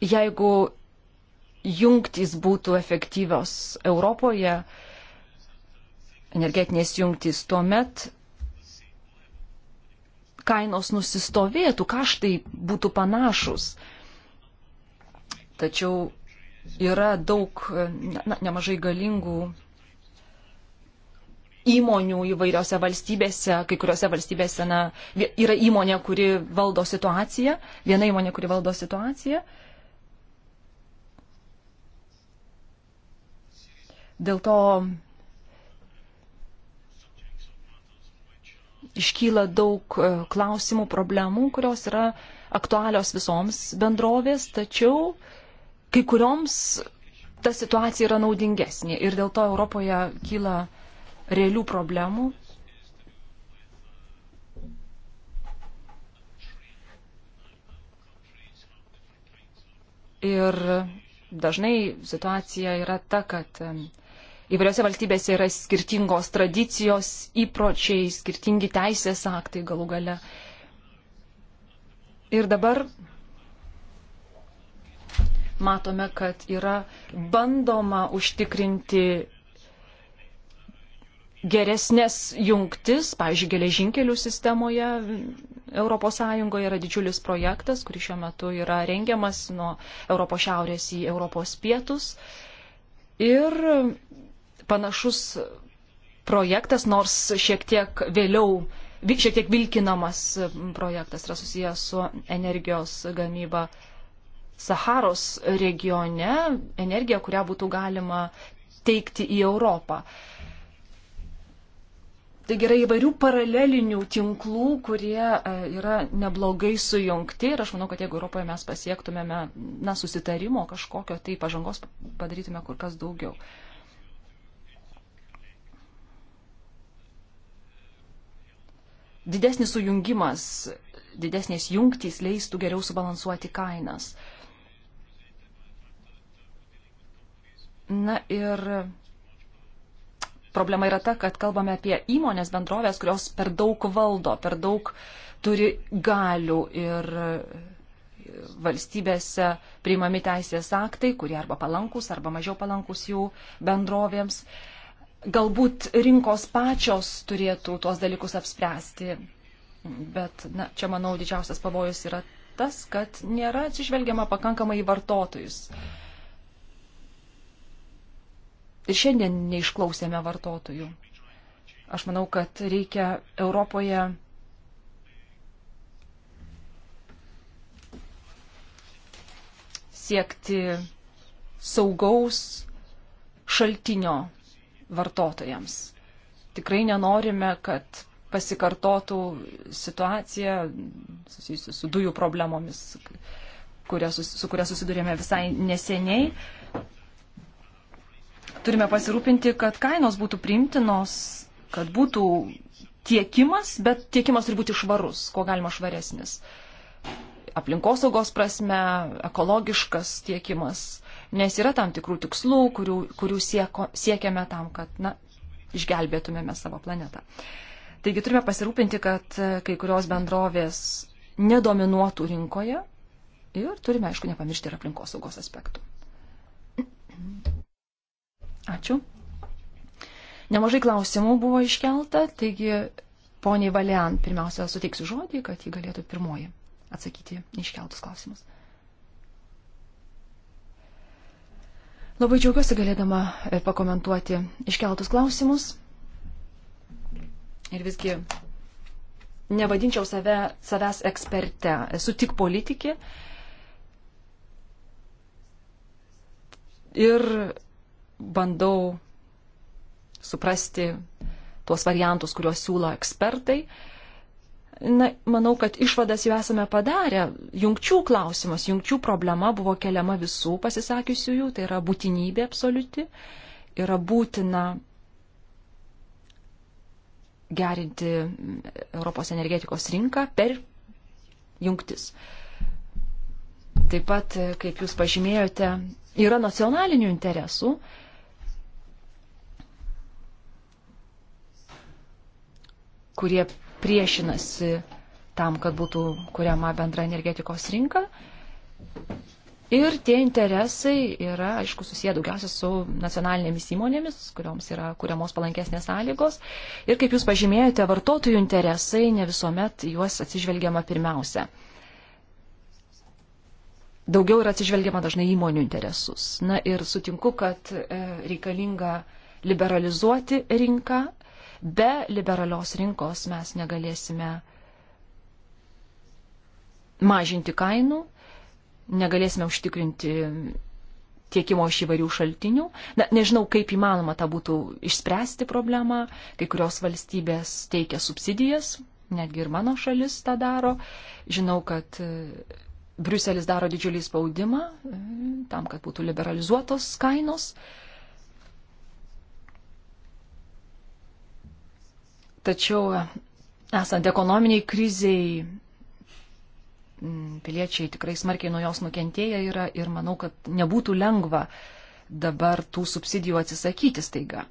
Jeigu jungtys būtų efektyvios Europoje, energetinės jungtys, tuomet kainos nusistovėtų, kaštai būtų panašus. Tačiau yra daug, na, nemažai galingų įmonių įvairiose valstybėse, kai kuriuose valstybėse na, yra įmonė, kuri valdo situaciją, viena įmonė, kuri valdo situaciją. Uh, Dėl to iškyla daug e, klausimų, problemų, kurios yra aktualios visoms bendrovės, tačiau kai kurioms ta situacija yra naudingesnė ir dėl to Europoje kyla realių problemų. Ir dažnai situacija yra ta, kad įvairiose valstybėse yra skirtingos tradicijos, įpročiai, skirtingi teisės aktai galų gale. Ir dabar matome, kad yra bandoma užtikrinti geresnės jungtis, pavyzdžiui, geležinkelių sistemoje ES yra didžiulis projektas, kuris šiuo metu yra rengiamas nuo Europos šiaurės į Europos pietus. Ir panašus projektas, nors šiek tiek vėliau, šiek tiek vilkinamas projektas yra susijęs su energijos gamyba Saharos regione, energija, kurią būtų galima teikti į Europą. Taigi yra įvairių paralelinių tinklų, kurie e, yra neblogai sujungti ir aš manau, kad jeigu Europoje mes pasiektumėme na, susitarimo kažkokio, tai pažangos padarytume kur kas daugiau. Uh, didesnis sujungimas, didesnės jungtys leistų geriau subalansuoti kainas. Na ir problema yra ta, kad kalbame apie įmonės bendrovės, kurios per daug valdo, per daug turi galių ir valstybėse priimami teisės aktai, kurie arba palankus, arba mažiau palankus jų bendrovėms. Uh, galbūt rinkos pačios turėtų tuos dalykus apspręsti. Bet na, čia, manau, didžiausias pavojus yra tas, kad nėra atsižvelgiama pakankamai į vartotojus. Ir šiandien neišklausėme vartotojų. Aš manau, kad reikia Europoje siekti saugaus šaltinio vartotojams. Tikrai nenorime, kad pasikartotų situacija susijusi su dujų problemomis, kuria, su kuria susidurėme visai neseniai. Turime pasirūpinti, kad kainos būtų priimtinos, kad būtų tiekimas, bet tiekimas turi būti švarus, kuo galima švaresnis. Aplinkosaugos prasme, ekologiškas tiekimas nes yra tam tikrų tikslų, kurių, kurių sieko, siekiame tam, kad na, išgelbėtumėme savo planetą. Taigi turime pasirūpinti, kad e, kai kurios bendrovės nedominuotų rinkoje ir turime, aišku, nepamiršti ir aplinkosaugos aspektų. Ačiū. Nemažai klausimų buvo iškelta, taigi poniai Valian pirmiausia suteiksiu žodį, kad ji galėtų pirmoji atsakyti iškeltus klausimus. Labai džiaugiuosi galėdama e, pakomentuoti iškeltus klausimus. Ir visgi nevadinčiau save, savęs eksperte, esu tik politikė. Ir bandau suprasti tuos variantus, kuriuos siūlo ekspertai. Uh, Na, manau, kad išvadas jau esame padarę. Jungčių klausimas, jungčių problema buvo keliama visų pasisakiusiųjų, tai yra būtinybė absoliuti, yra būtina gerinti Europos energetikos rinką per jungtis. Taip pat, kaip jūs pažymėjote, yra nacionalinių interesų. kurie priešinasi tam, kad būtų kuriama bendra energetikos rinka. Ir tie interesai yra, aišku, susiję daugiausia su nacionalinėmis įmonėmis, kurioms yra kuriamos palankesnės sąlygos. Ir kaip jūs pažymėjote, vartotojų interesai ne visuomet juos atsižvelgiama pirmiausia. Daugiau yra atsižvelgiama dažnai įmonių interesus. Na ir sutinku, kad e, reikalinga liberalizuoti rinką, Be liberalios rinkos mes negalėsime mažinti kainų, negalėsime užtikrinti tiekimo iš įvairių šaltinių. Na, nežinau, kaip įmanoma tą būtų išspręsti problemą. Kai kurios valstybės teikia subsidijas, netgi ir mano šalis tą daro. Žinau, kad e, Briuselis daro didžiulį spaudimą e, tam, kad būtų liberalizuotos kainos. Uh, Tačiau e, esant ekonominiai kriziai, piliečiai tikrai smarkiai nuo jos nukentėję yra ir manau, kad nebūtų lengva dabar tų subsidijų atsisakyti staiga.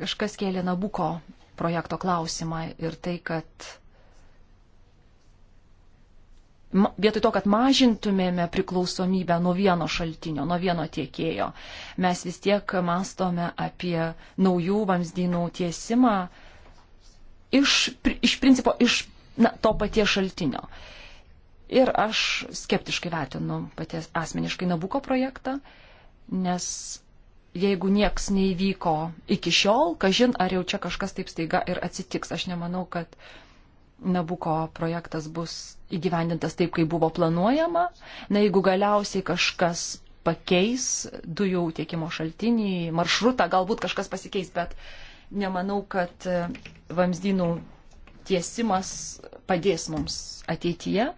Kažkas kėlė Nabuko projekto klausimą ir tai, kad vietoj to, kad mažintumėme priklausomybę nuo vieno šaltinio, nuo vieno tiekėjo, mes vis tiek mastome apie naujų vamzdynų tiesimą iš, iš principo iš na, to paties šaltinio. Ir aš skeptiškai vertinu paties asmeniškai Nabuko projektą, nes jeigu nieks neįvyko iki šiol, kažin ar jau čia kažkas taip staiga ir atsitiks. Aš nemanau, kad uh, Nabuko projektas bus įgyvendintas taip, kaip buvo planuojama. Na, jeigu galiausiai kažkas pakeis dujų tiekimo šaltinį, maršrutą, galbūt kažkas pasikeis, bet nemanau, kad e, vamzdynų tiesimas padės mums ateityje.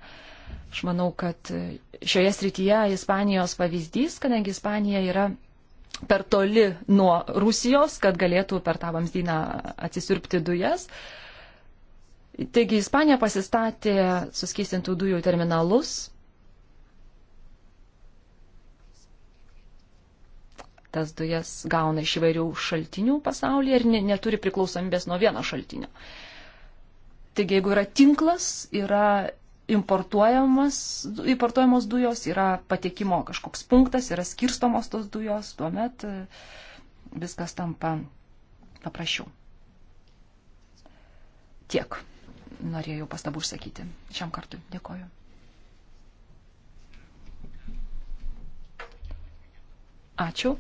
Aš manau, kad e, šioje srityje Ispanijos pavyzdys, kadangi Ispanija yra per toli nuo Rusijos, kad galėtų per tą vamzdyną atsisirpti dujas. Uh, Taigi Ispanija pasistatė suskystintų dujų terminalus. Tas dujas gauna iš įvairių šaltinių pasaulyje ir ne, neturi priklausomybės nuo vieno šaltinio. Taigi, jeigu yra tinklas, yra importuojamos dujos, yra patekimo kažkoks punktas, yra skirstomos tos dujos, tuomet e, viskas tampa paprasčiau. Tiek norėjau pastabų užsakyti šiam kartui. Dėkoju. Ačiū.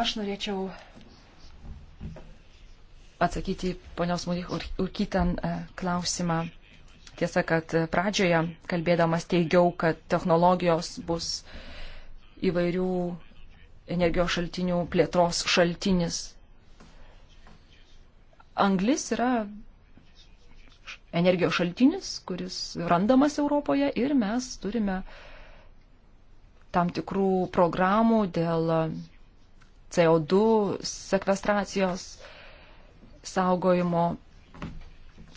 Aš norėčiau atsakyti ponios Mūdych Urkytan e, klausimą. Tiesa, kad pradžioje kalbėdamas teigiau, kad technologijos bus įvairių energijos šaltinių plėtros šaltinis. Anglis yra energijos šaltinis, kuris randamas Europoje ir mes turime tam tikrų programų dėl CO2 sekvestracijos saugojimo.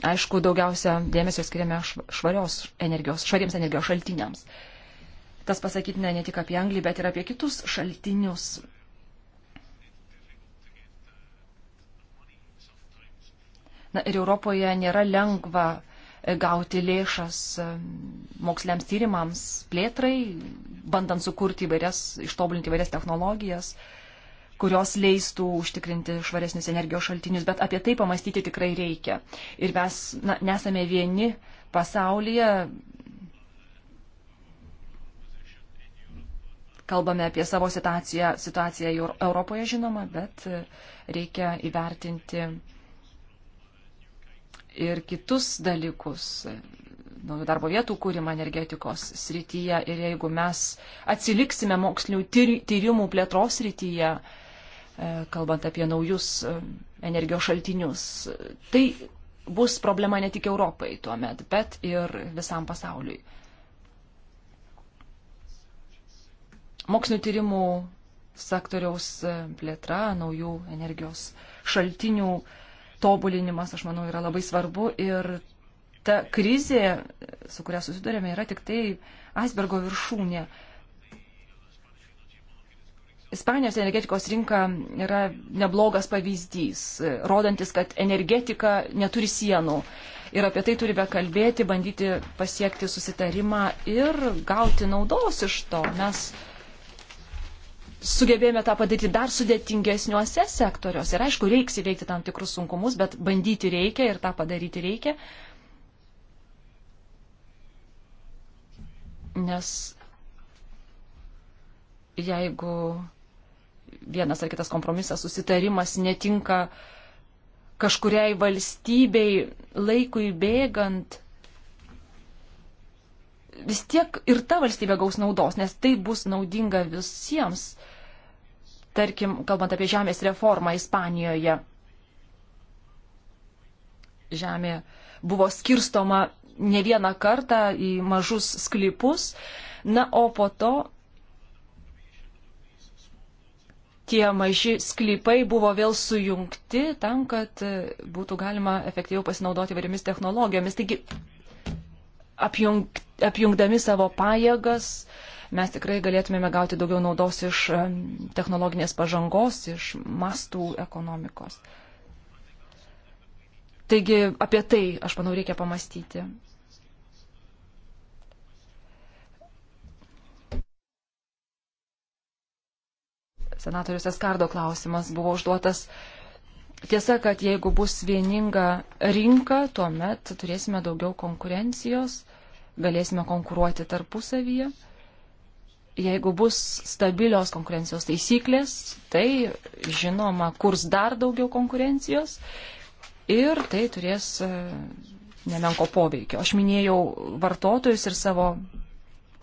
Aišku, daugiausia dėmesio skiriame švarios energijos, švariems energijos šaltiniams. Tas pasakytina ne tik apie Anglį, bet ir apie kitus šaltinius Na ir Europoje nėra lengva e, gauti lėšas e, moksliams tyrimams, plėtrai, bandant sukurti įvairias, ištobulinti įvairias technologijas, kurios leistų užtikrinti švaresnius energijos šaltinius, bet apie tai pamastyti tikrai reikia. Ir mes na, nesame vieni pasaulyje. Kalbame apie savo situaciją, situaciją Europoje žinoma, bet e, reikia įvertinti ir kitus dalykus, naujų darbo vietų kūrimą energetikos srityje. Ir jeigu mes atsiliksime mokslinių tyrimų plėtros srityje, e, kalbant apie naujus e, energijos šaltinius, tai bus problema ne tik Europai tuo met, bet ir visam pasauliui. Mokslinių tyrimų sektoriaus e, plėtra, naujų energijos šaltinių uh, tobulinimas, aš manau, yra labai svarbu ir ta krizė, su kuria susidurėme, yra tik tai Asbergo viršūnė. Ispanijos energetikos rinka yra neblogas pavyzdys, rodantis, kad energetika neturi sienų. Ir apie tai turime kalbėti, bandyti pasiekti susitarimą ir gauti naudos iš to. Mes sugebėjome tą padaryti dar sudėtingesniuose sektoriuose. Ir aišku, reiks įveikti tam tikrus sunkumus, bet bandyti reikia ir tą padaryti reikia. Nes jeigu vienas ar kitas kompromisas, susitarimas netinka kažkuriai valstybei laikui bėgant, vis tiek ir ta valstybė gaus naudos, nes tai bus naudinga visiems. Uh, tarkim, kalbant apie žemės reformą Ispanijoje. Žemė buvo skirstoma ne vieną kartą į mažus sklypus, na, o po to tie maži sklypai buvo vėl sujungti tam, kad būtų galima efektyviau pasinaudoti variomis technologijomis. Taigi, apjung, apjungdami savo pajėgas, uh, mes tikrai galėtumėme gauti daugiau naudos iš e, technologinės pažangos, iš mastų ekonomikos. Taigi apie tai, aš manau, reikia pamastyti. Senatorius Eskardo klausimas buvo užduotas. Tiesa, kad jeigu bus vieninga rinka, tuomet turėsime daugiau konkurencijos, galėsime konkuruoti tarpusavyje jeigu bus stabilios konkurencijos taisyklės, tai žinoma, kurs dar daugiau konkurencijos ir tai turės e, nemenko poveikio. Aš minėjau vartotojus ir savo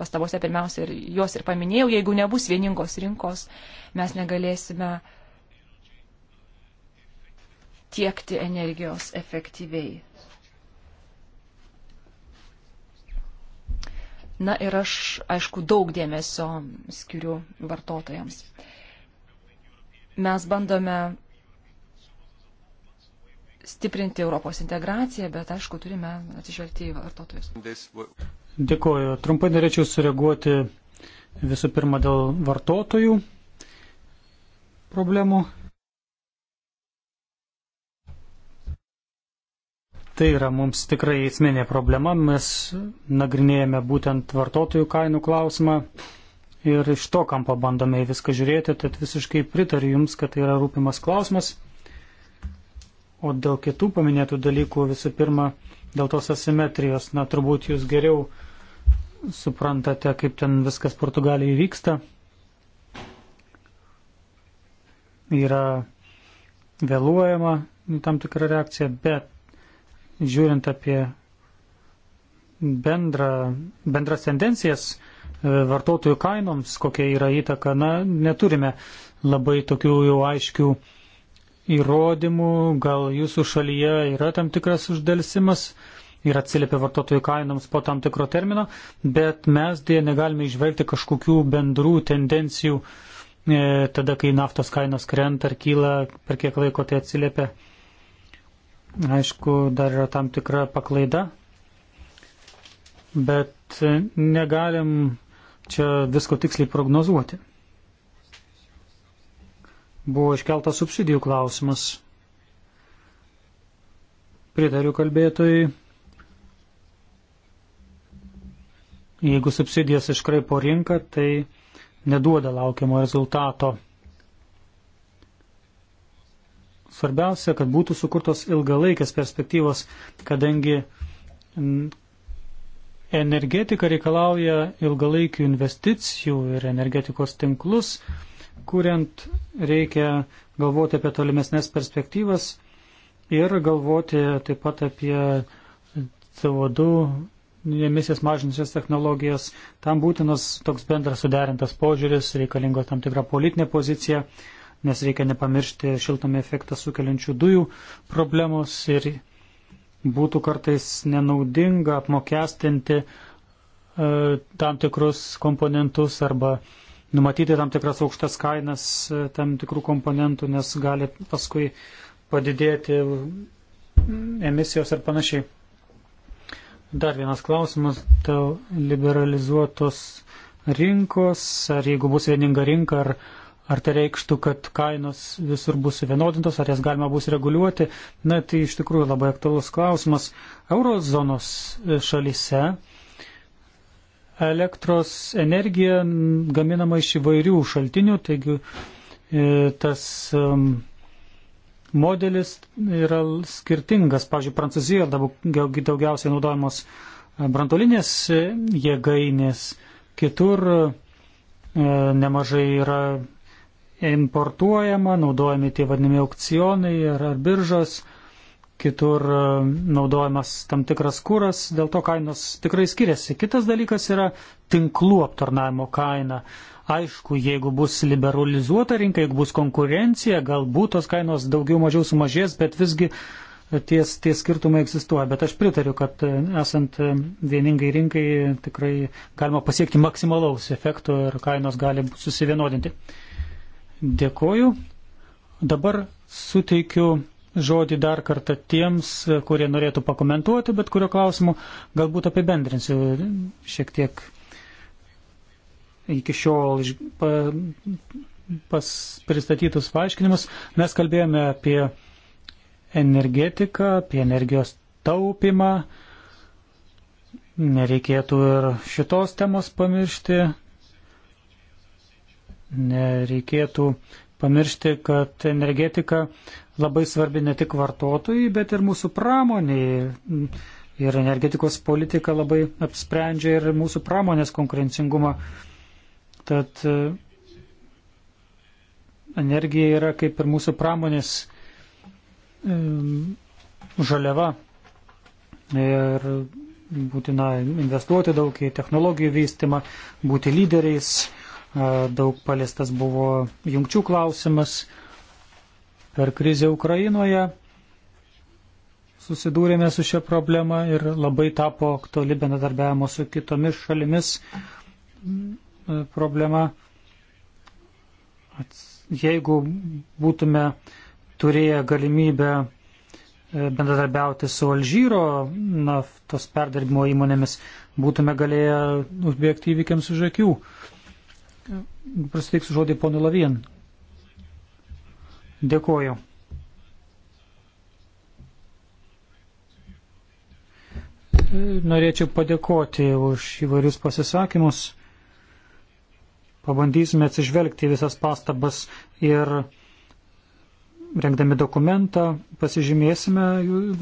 pastabose pirmiausia ir juos ir paminėjau, jeigu nebus vieningos rinkos, mes negalėsime tiekti energijos efektyviai. Na ir aš, aišku, daug dėmesio skiriu vartotojams. Mes bandome stiprinti Europos integraciją, bet aišku, turime atsižvelgti į vartotojus. Dėkuoju. Trumpai norėčiau sureaguoti visų pirma dėl vartotojų problemų. Tai yra mums tikrai esminė problema. Mes nagrinėjame būtent vartotojų kainų klausimą ir iš to kampo bandome į viską žiūrėti, tad visiškai pritariu Jums, kad tai yra rūpimas klausimas. O dėl kitų paminėtų dalykų visų pirma, dėl tos asimetrijos, na turbūt Jūs geriau suprantate, kaip ten viskas Portugalijai vyksta. Yra vėluojama tam tikra reakcija, bet žiūrint apie bendrą, bendras tendencijas e, vartotojų kainoms, kokia yra įtaka, na, neturime labai tokių jau aiškių įrodymų, gal jūsų šalyje yra tam tikras uždelsimas ir atsiliepia vartotojų kainoms po tam tikro termino, bet mes dėje negalime išvelgti kažkokių bendrų tendencijų e, tada, kai naftos kainos krenta ar kyla, per kiek laiko tai atsiliepia Aišku, dar yra tam tikra paklaida, bet negalim čia visko tiksliai prognozuoti. Buvo iškeltas subsidijų klausimas. Pritariu kalbėtojai. Jeigu subsidijas iškraipo rinką, tai neduoda laukiamo rezultato. Svarbiausia, kad būtų sukurtos ilgalaikės perspektyvos, kadangi energetika reikalauja ilgalaikių investicijų ir energetikos tinklus, kuriant reikia galvoti apie tolimesnės perspektyvas ir galvoti taip pat apie CO2 emisijas mažinančias technologijas. Tam būtinas toks bendras suderintas požiūris, reikalinga tam tikra politinė pozicija nes reikia nepamiršti šiltame efektą sukeliančių dujų problemos ir būtų kartais nenaudinga apmokestinti e, tam tikrus komponentus arba numatyti tam tikras aukštas kainas e, tam tikrų komponentų, nes gali paskui padidėti emisijos ir panašiai. Dar vienas klausimas dėl liberalizuotos rinkos, ar jeigu bus vieninga rinka, ar Ar tai reikštų, kad kainos visur bus vienodintos, ar jas galima bus reguliuoti? Na, tai iš tikrųjų labai aktualus klausimas. Eurozonos šalise elektros energija gaminama iš įvairių šaltinių, taigi e, tas modelis yra skirtingas. Pavyzdžiui, Prancūzijoje daugiausiai naudojamos e, brantolinės e, jėgainės, kitur nemažai yra importuojama, naudojami tie vadinami aukcionai ar, ar biržos, kitur e, naudojamas tam tikras kūras, dėl to kainos tikrai skiriasi. Kitas dalykas yra tinklų aptarnavimo kaina. Aišku, jeigu bus liberalizuota rinka, jeigu bus konkurencija, galbūt tos kainos daugiau mažiau sumažės, bet visgi tie, tie skirtumai egzistuoja. Bet aš pritariu, kad e, esant e, vieningai rinkai tikrai galima pasiekti maksimalaus efekto ir kainos gali susivienodinti. Dėkoju. Dabar suteikiu žodį dar kartą tiems, kurie norėtų pakomentuoti, bet kurio klausimu galbūt apibendrinsiu šiek tiek iki šiol pa, pas pristatytus paaiškinimus. Mes kalbėjome apie energetiką, apie energijos taupimą. Nereikėtų ir šitos temos pamiršti, nereikėtų pamiršti, kad energetika labai svarbi ne tik vartotojai, bet ir mūsų pramoniai. Ir energetikos politika labai apsprendžia ir mūsų pramonės konkurencingumą. Tad e, energija yra kaip ir mūsų pramonės e, žaliava. Ir būtina investuoti daug į technologijų vystimą, būti lyderiais daug paliestas buvo jungčių klausimas. Per krizę Ukrainoje susidūrėme su šia problema ir labai tapo aktuali bendradarbiavimo su kitomis šalimis problema. Jeigu būtume turėję galimybę bendradarbiauti su Alžyro naftos perdarbimo įmonėmis, būtume galėję užbėgti įvykiams už akių. Uh, Prasiteiksiu žodį ponui Lavien. Dėkuoju. Norėčiau padėkoti už įvairius pasisakymus. Pabandysime atsižvelgti visas pastabas ir rengdami dokumentą pasižymėsime